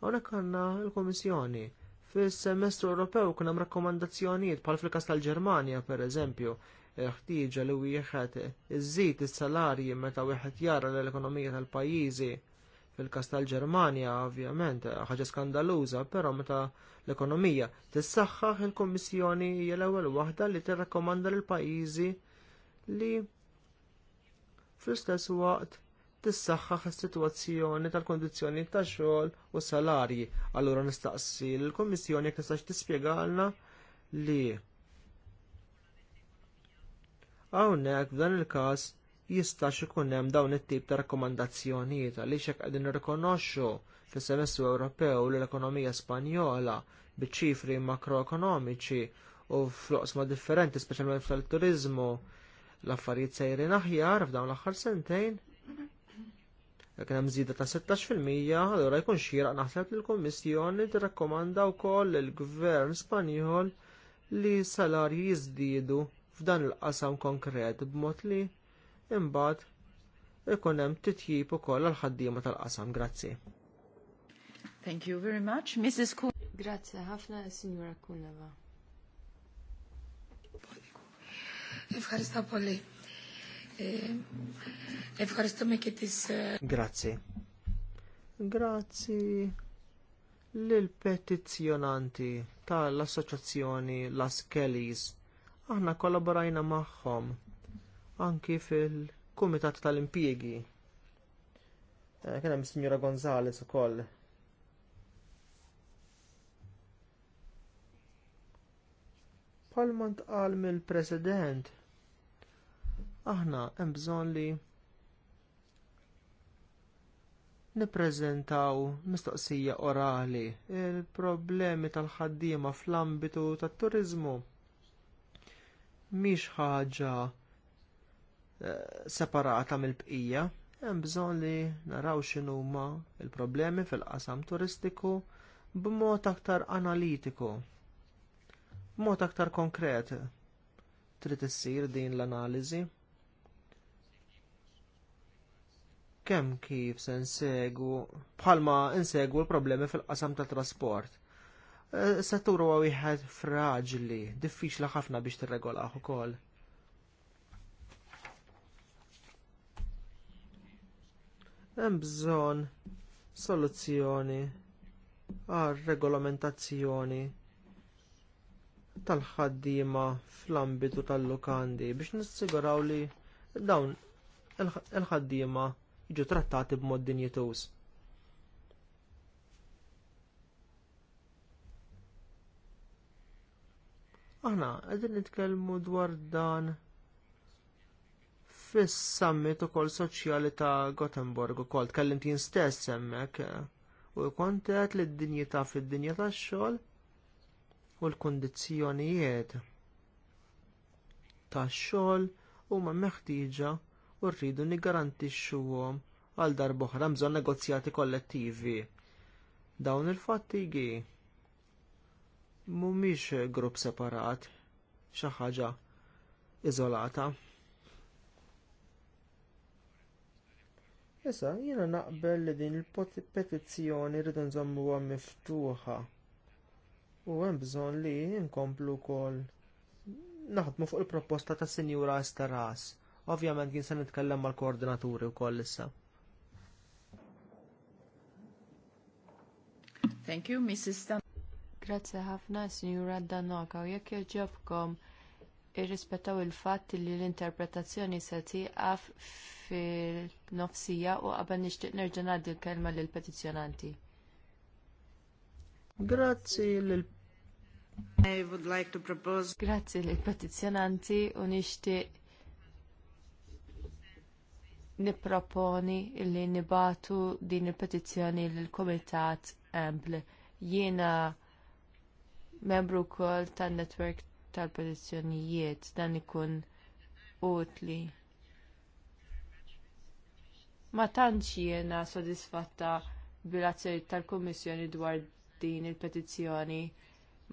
Għalhekk għandna l-Kummissjoni. Fis-semestru Ewropew kien hemm rakkomandazzjonijiet bħal fil-każ tal-Ġermanja pereżempju ħtieġa li wieħed iżid is-salarji meta wieħed jara l-ekonomija tal-pajjiżi fil-kas tal-Ġermanja ovvjament ħaġa skandaluża, però meta l-ekonomija tissaħħaħ il-Kummissjoni hija l-ewwel waħda li tirrakkomanda lil pajjiżi li fl-istess waqt tissaħħaħ is-sitwazzjoni tal-kondizzjoni tax-xogħol u s salarji. Allura nistaqsi l-Kummissjoni jekk tistax tispjegalna li Hawnhekk f'dan il-każ jistax ikun hemm dawn it-tip ta' rakkomandazzjonijiet għaliex hekk qegħdin nirrikonoxxu fis-semestru Ewropew li l-ekonomija Spanjola biċ-ċifri makroekonomiċi u fl-oqsma differenti, speċjalment fl-turiżmu, l-affarijiet sejrin aħjar f'dawn l-aħħar sentejn. Jekk hemm żieda ta' 16% allura jkun xieraq naħseb li l-Kummissjoni tirrakkomanda wkoll lill-Gvern Spanjol li s salarji jiżdiedu f'dan il-qasam konkret b'mod li imbagħad ikun hemm titjib ukoll għal ħaddiema tal-qasam. Grazzi. Thank you very much. Mrs. Kuhn. Grazie ħafna, Signora Kunleva. Eh, eh. Grazzi. Grazzi. Lil-petizzjonanti Grazie. Grazie petizjonanti tal-Assoċjazzjoni Las Kellys Aħna kollaborajna magħhom anki fil-Kumitat tal-Impjiegi. Eh, kien hemm Sinjura Gonzales ukoll. Palma ntqal mill-President aħna hemm bżonn li nippreżentaw mistoqsija orali il-problemi tal-ħaddiema fl-ambitu tat-turiżmu mhix ħaġa eh, separata mill-bqija, hemm bżonn li naraw x'inhuma l problemi fil-qasam turistiku b'mod aktar analitiku, b'mod aktar konkret trid issir din l-analiżi. Kemm kif se nsegu bħalma insegwu l-problemi fil-qasam tat trasport settur huwa wieħed fraġli, diffiċli ħafna biex tirregolah ukoll. Hemm bżonn soluzzjoni għal regolamentazzjoni tal-ħaddiema fl-ambitu tal-lukandi biex nissiguraw li dawn il-ħaddiema jiġu trattati b'mod jitus. Aħna qegħdin nitkellmu dwar dan fis-summit ukoll soċjali ta' Gothenburg ukoll tkellimt jien stess hemmhekk u kont qed li d-dinjità fid-dinja tax-xogħol u l-kundizzjonijiet tax-xogħol huma meħtieġa u rridu niggarantixxuhom għal darb'oħra bżonn negozjati kollettivi. Dawn il-fattigi mhumiex grupp separat, xi ħaġa iżolata. Issa, jiena naqbel li din il-petizzjoni rridu nżommuha miftuħa. U hemm bżonn li nkomplu wkoll naħdmu fuq il-proposta ta' Sinjura Esteras. Ovvjament kien se nitkellem mal-koordinaturi wkoll issa. Thank you, Mrs. Stam Grazzi ħafna Sinjura Danoka u jekk joġobkom irrispettaw il-fatt li l-interpretazzjoni se tieqaf fil-nofsija u qabel nixtieq nerġa' ngħaddi l-kelma lill petizzjonanti. Grazzi lil I would like to propose Grazzi lill petizzjonanti u nixtieq nipproponi li nibatu din il-petizzjoni lill kumitat Empl. Jiena membru wkoll tan netwerk tal-petizzjonijiet dan ikun utli. Ma tantx jiena sodisfatta bil-azzjoni tal-Kummissjoni dwar din il-petizzjoni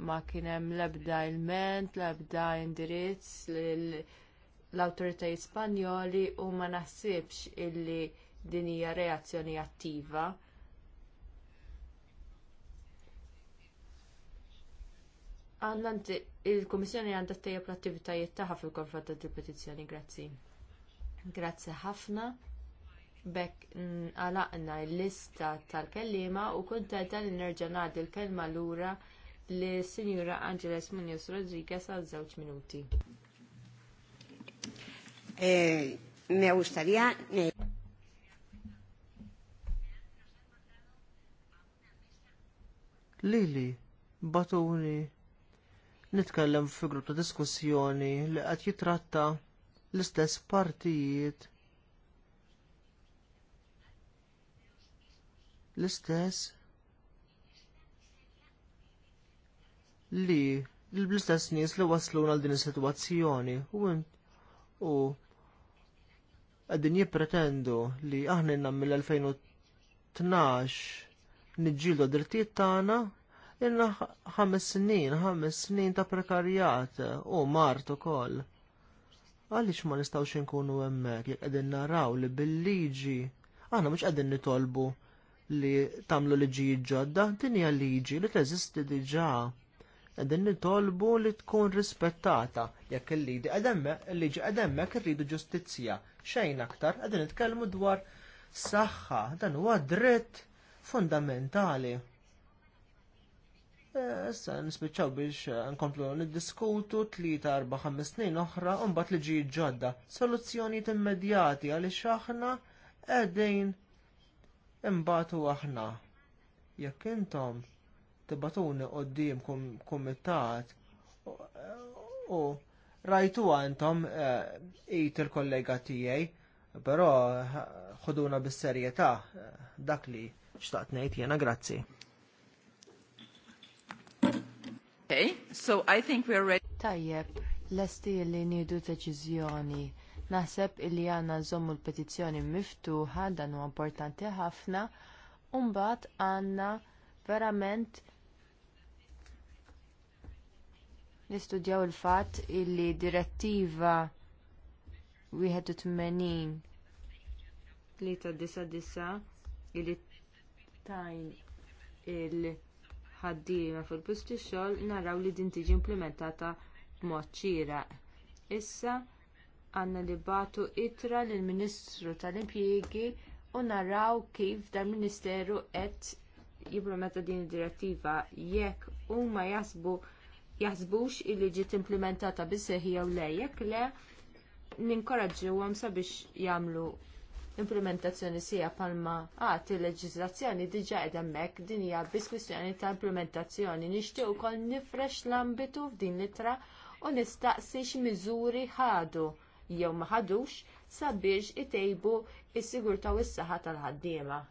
ma kien hemm l-ebda ilment, l-ebda indirizz l-awtoritajiet Spanjoli u ma naħsibx illi din hija reazzjoni attiva il-Komissjoni għandha tejjeb l-attivitajiet tagħha fil-konfront ta' petizzjoni grazzi. Grazzi ħafna. B'hekk għalaqna l-lista tal kelliema u kuntenta li nerġa' ngħaddi l-kelma lura li Sinjura Angeles Munoz Rodriguez għal żewġ minuti. Eh, me gustaría eh, Lili, batuni nitkellem fi grupp ta' diskussjoni li qed jitratta l-istess partijiet l-istess li l-istess nies li waslu għal din is-sitwazzjoni u għadin jipretendu li aħna mill-2012 nġildu drittijiet tagħna Ilna ħames snin, ħames snin ta' prekarjat u mart ukoll. Għaliex ma nistgħux inkunu hemmhekk jekk qegħdin naraw li bil-liġi aħna mhux qegħdin nitolbu li tagħmlu liġijiet ġodda, din hija liġi li teżisti diġà għedin nitolbu li tkun rispettata. Jekk il-liġi għedemmek, il-liġi għedemmek irridu ġustizzja. Xejn aktar, għedin nitkellmu dwar saħħa, dan huwa dritt fundamentali. Issa nispiċċaw biex eh, nkomplu niddiskutu tlieta arba' ħames snin oħra u mbagħad liġi ġodda. Soluzzjonijiet immedjati għaliex aħna qegħdin imbagħtu aħna. Jekk intom tibatuni qoddim kumitat u rajtu għantom eh, it il-kollega tiegħi, però eh, ħoduna bis-serjetà dak li xtaqt ngħid jiena grazzi. Okay, so I think we're ready. Tajjeb, lesti li nidu deċiżjoni. Naħseb illi għandna zommu l-petizzjoni miftuħa dan huwa importanti ħafna, u għanna għandna verament nistudjaw il-fatt illi direttiva 81 li ta' disa disa illi tajn il-, -il ħaddiema fil-post xogħol naraw li din tiġi implementata b'mod xieraq. Issa għandna li bagħtu ittra lill ministru tal-Impjiegi u naraw kif dal-Ministeru qed jimplementa din id-direttiva jekk huma jasbu jaħsbux illi ġiet implementata biseħħi jew le jekk le ninkoraġġuhom sabiex jagħmlu implementazzjoni sija palma għat il-leġizlazzjoni diġa edemmek din hija biss kwistjoni ta' implementazzjoni nixtieq ukoll nifresh l-ambitu f'din litra u nistaqsi x'miżuri ħadu jew ma ħadux sabiex itejbu s-sigurta u s-saħħa tal-ħaddiema.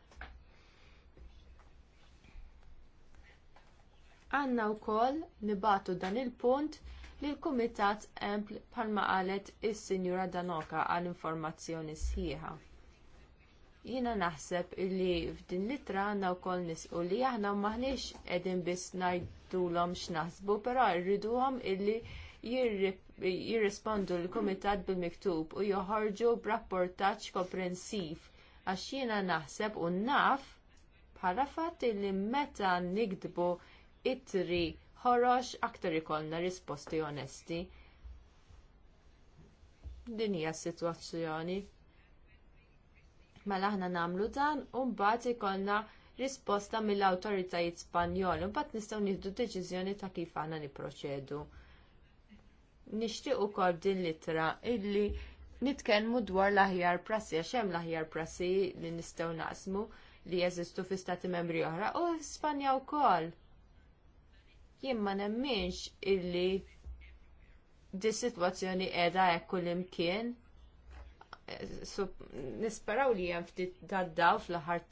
Għanna wkoll nibatu dan il-punt li l-Kumitat Empl palma qalet is-Sinjura Danoka għall informazzjoni sħiħa. Jiena naħseb li f'din litra għandna wkoll nisqu li aħna maħniex qegħdin biss ngħidulhom x'naħsbu, però rriduhom illi jirrispondu l-kumitat bil-miktub u joħorġu b'rapportaġġ komprensiv għax jiena naħseb u naf bħala fatt illi meta nikdbu itri ħorox aktar ikollna risposti onesti. Din hija s-sitwazzjoni. Mela aħna nagħmlu dan u mbagħad ikollna risposta mill-awtoritajiet Spanjol u mbagħad nistgħu nieħdu deċiżjoni ta' kif aħna nipproċedu. Nixtieq ukoll din litra ittra illi nitkellmu dwar l-aħjar prassi għax hemm l-aħjar prassi li nistgħu naqsmu li jeżistu fi stati membri oħra u Spanja wkoll. Jien ma nemminx illi di sitwazzjoni qiegħda hekk kull imkien nisperaw li hemm ftit daddaw fl aħħar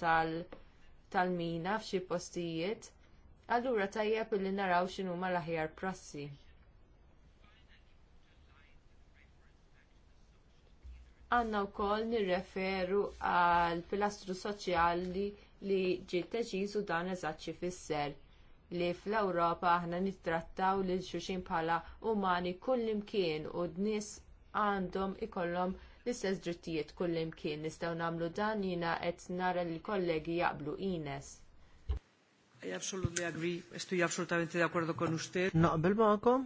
tal-mina f'xi postijiet, allura tajjeb li naraw x'inhuma l-aħjar prassi. Għandna wkoll nirreferu għal pilastru soċjali li ġiet deċiżu dan eżatt fisser li fl-Ewropa aħna nittrattaw lil xulxin bħala umani kullimkien u d-nies għandhom ikollhom l-istess drittijiet kullimkien nistgħu nagħmlu dan jiena qed nara li kollegi jaqblu Ines. I absolutely agree, estoy absolutamente de acuerdo con usted. Naqbel ma'kom,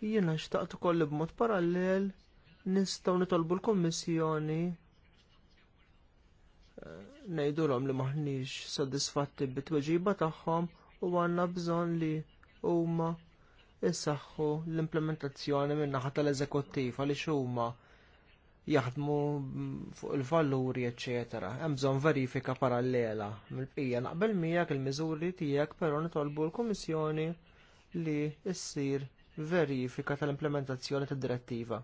jiena xtaqt ukoll b'mod parallel nistgħu nitolbu l kommissjoni eh, ngħidulhom li maħniex sodisfatti bit-tweġiba tagħhom u għandna bżonn li huma isaħħu l-implementazzjoni min-naħa tal-eżekuttiv għaliex huma jaħdmu fuq il-valuri, eccetera. Hemm bżonn verifika parallela. Mill-bqija naqbel miegħek il-miżuri tiegħek però nitolbu l-Kummissjoni li ssir verifika tal-implementazzjoni tad-direttiva.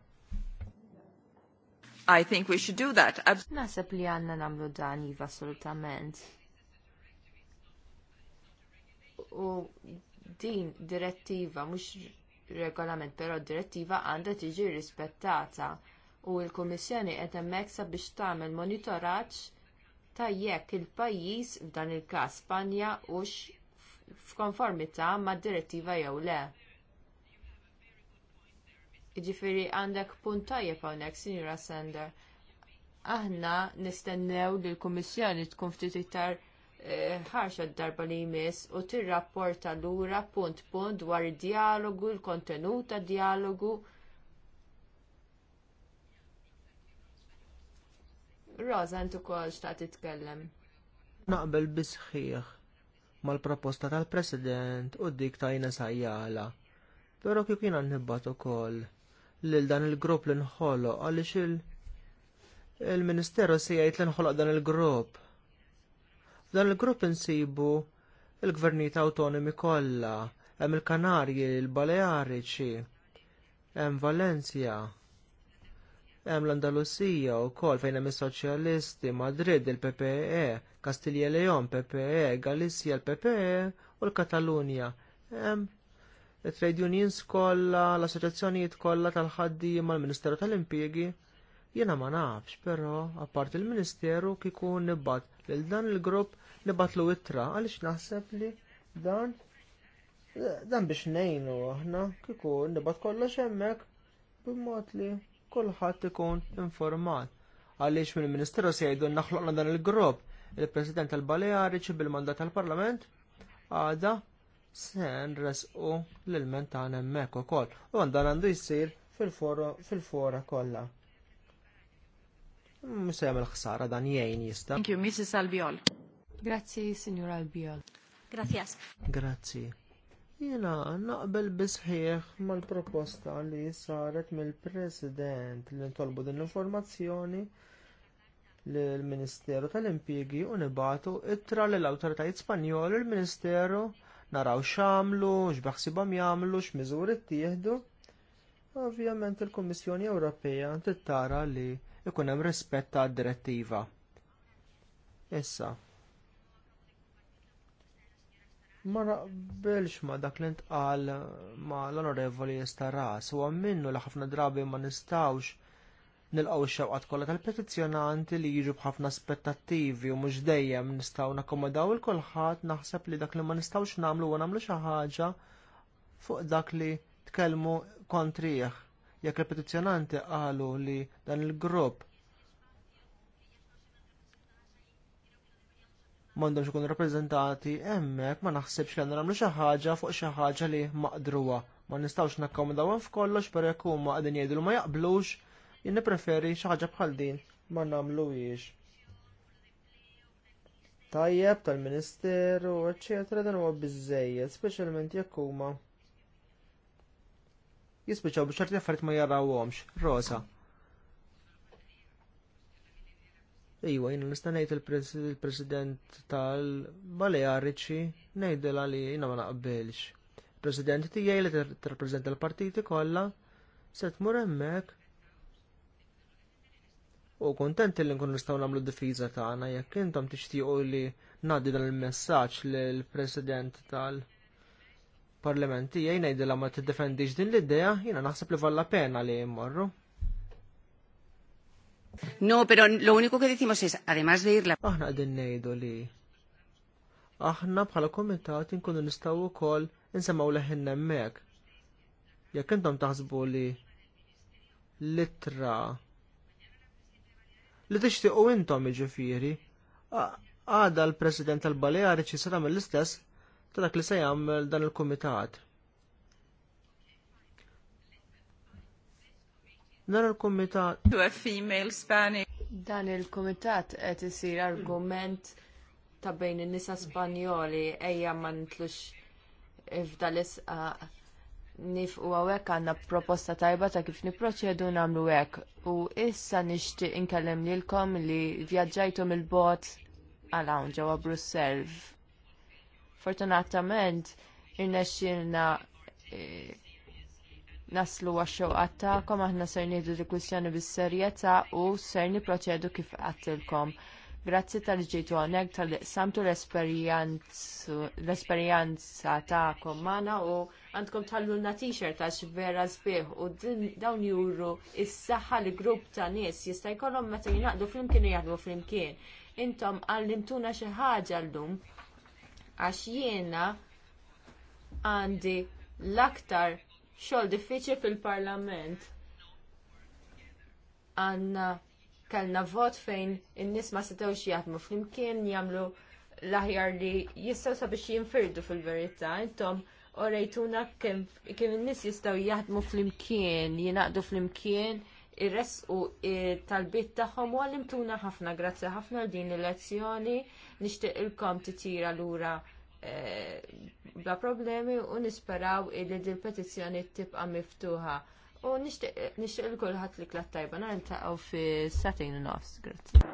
I think we should do that. Naseb li għanna namlu dan iva assolutament. U din direttiva, mux regolament, pero direttiva għanda tiġi rispettata u l-Kummissjoni qed hemmhekk sabiex tagħmel monitoraġġ ta' jekk il-pajjiż f'dan il-każ Spanja hux f'konformità mad-direttiva jew le. Jiġifieri għandek punt tajjeb hawnhekk, Sinjura Sander. Aħna nistennew li l-Kummissjoni tkun ftit iktar eh, ħarxa d-darba li jmiss u tirrapporta lura punt punt dwar id-dialogu, l-kontenut tad dialogu, Rosa, għantu kol xta' titkellem. Naqbel bisħiħ mal-proposta tal-President u dik ta' jina sajjala. Pero kif jina nibbat ukoll lil dan il-grupp li nħolo għaliex il-Ministeru se jgħid li nħoloq dan il-grupp. Dan il-grupp insibu il gvernita autonomi kollha, hemm il-Kanarji, il-Baleariċi, hemm Valencia, Hemm l-Andalusija wkoll fejn hemm is-Soċjalisti, Madrid il-PPE, Kastilja Leon PPE, Galizja l-PPE u l-Katalunja. Hemm trade unions kollha, l-assoċjazzjonijiet kollha tal-ħaddim mal-Ministeru tal-Impjiegi. Jiena ma nafx, però apart il-Ministeru kieku nibgħat lil dan il-grupp nibatlu ittra għaliex naħseb li dan dan biex nejnu aħna kieku nibat kollox hemmhekk b'mod li kulħadd ikun informat. Għaliex mill-Ministeru se jgħidu naħloqna dan il-grupp il-President tal-Baleariċ bil-mandat tal-Parlament għada sen resqu l-ilment hemmhekk ukoll. u koll. U għandan għandu jissir fil-fora kolla. Musem mm, il-ħsara dan jgħin jista. Thank you, Mrs. Albiol. Grazzi, Signor Albiol. Grazie. Grazie. Jiena naqbel bisħieħ mal-proposta li saret mill-President li ntolbu din l-informazzjoni lill ministeru tal-Impjigi u nibatu ittra lill awtoritajiet Spanjoli il-Ministeru naraw x'għamlu, x'baħsibhom jagħmlu, x'miżuri ttieħdu. Ovvjament il-Kummissjoni Ewropea tittara li ikun hemm rispett tad direttiva. Issa, ma naqbelx ma dak li ntqal ma l-onorevoli staras u minnu li ħafna drabi ma nistawx x xewqat kollha tal-petizzjonanti li jiġu bħafna aspettattivi u mhux dejjem nistgħu nakkomodaw il kulħadd naħseb li dak li ma nistgħux nagħmlu u nagħmlu xi ħaġa fuq dak li tkellmu kontrih. Jekk il-petizzjonanti qalu li dan il-grupp m'għandhomx ikun rappreżentati hemmhekk ma naħsibx li nagħmlu xi ħaġa fuq xi ħaġa li maqdruha. Ma nistgħux nakkomodawhom f'kollox per jekk huma qegħdin jgħidu ma jaqblux, jien nippreferi xi ħaġa bħal din ma nagħmluhiex. Tajjeb tal-Ministeru, eċċetera dan huwa biżejjed, speċjalment jekk huma jispiċaw biex ċerti affarijiet ma jarawhomx. Rosa. Iwa, jina nistanajt il-president tal-Balearici, nejdela li jina ma naqbelx. President tijaj li t reprezent l-partiti kolla, set mur emmek. U kontent li nkun nistaw namlu d-difiza taħna, jekk intom tixtiqu li naddi dan il-messagġ li l-president tal-parlament tijaj nejdela ma t-defendix din l-ideja, jina naħseb li valla pena li jimmorru. No, pero lo único que decimos es, además de irla... Aħna għadin nejdu li. Aħna bħala komitat inkunu nistaw u kol insemaw leħin nemmek. Jek intom taħsbu li litra li u intom iġifiri għada l-president tal-Baleariċi sara mill-istess ta' li se jagħmel dan il-kumitat. Nara il-komitat. To a female Spanish. Dan il-komitat qed isir argument ta' bejn in-nisa Spanjoli ejja ma nitlux f'dal nif u hawnhekk għandna proposta tajba ta' kif niproċedu nagħmlu hekk. U issa nixtieq inkellem lilkom li vjaġġajtom il-bot għalawn ġewa ġewwa Brussell. Fortunatament irnexxielna eh, naslu għax-xewqat tagħkom aħna ser nieħdu dik kwistjoni bis-serjetà u ser nipproċedu kif qattilkom. Grazzi tal ġejtu hawnhekk tal-samtu l-esperjenza tagħkom magħna u għandkom tallulna t-shirt għax vera sbieħ u dawn juru is-saħħa li grupp ta' nies jista' jkollhom meta jingħaqdu flimkien jaħdmu flimkien. Intom għallimtuna xi ħaġa llum għax jiena għandi l-aktar xogħol diffiċli fil-Parlament. Għanna kellna vot fejn in-nies ma setgħux jaħdmu flimkien jagħmlu l-aħjar li jistgħu sabiex jinfirdu fil-verità. Intom orejtuna kien in-nies jistgħu jaħdmu flimkien, jinaqdu flimkien ir-resqu tal-bit tagħhom u għallimtuna ħafna grazzi ħafna għal din l-lezzjoni nixtieq ilkom titira lura Eh, bla problemi u nisperaw li din petizzjoni tibqa' miftuħa. U nixtieq il kulħadd li klat tajba nara ntaqgħu fi satin nofs. Grazzi.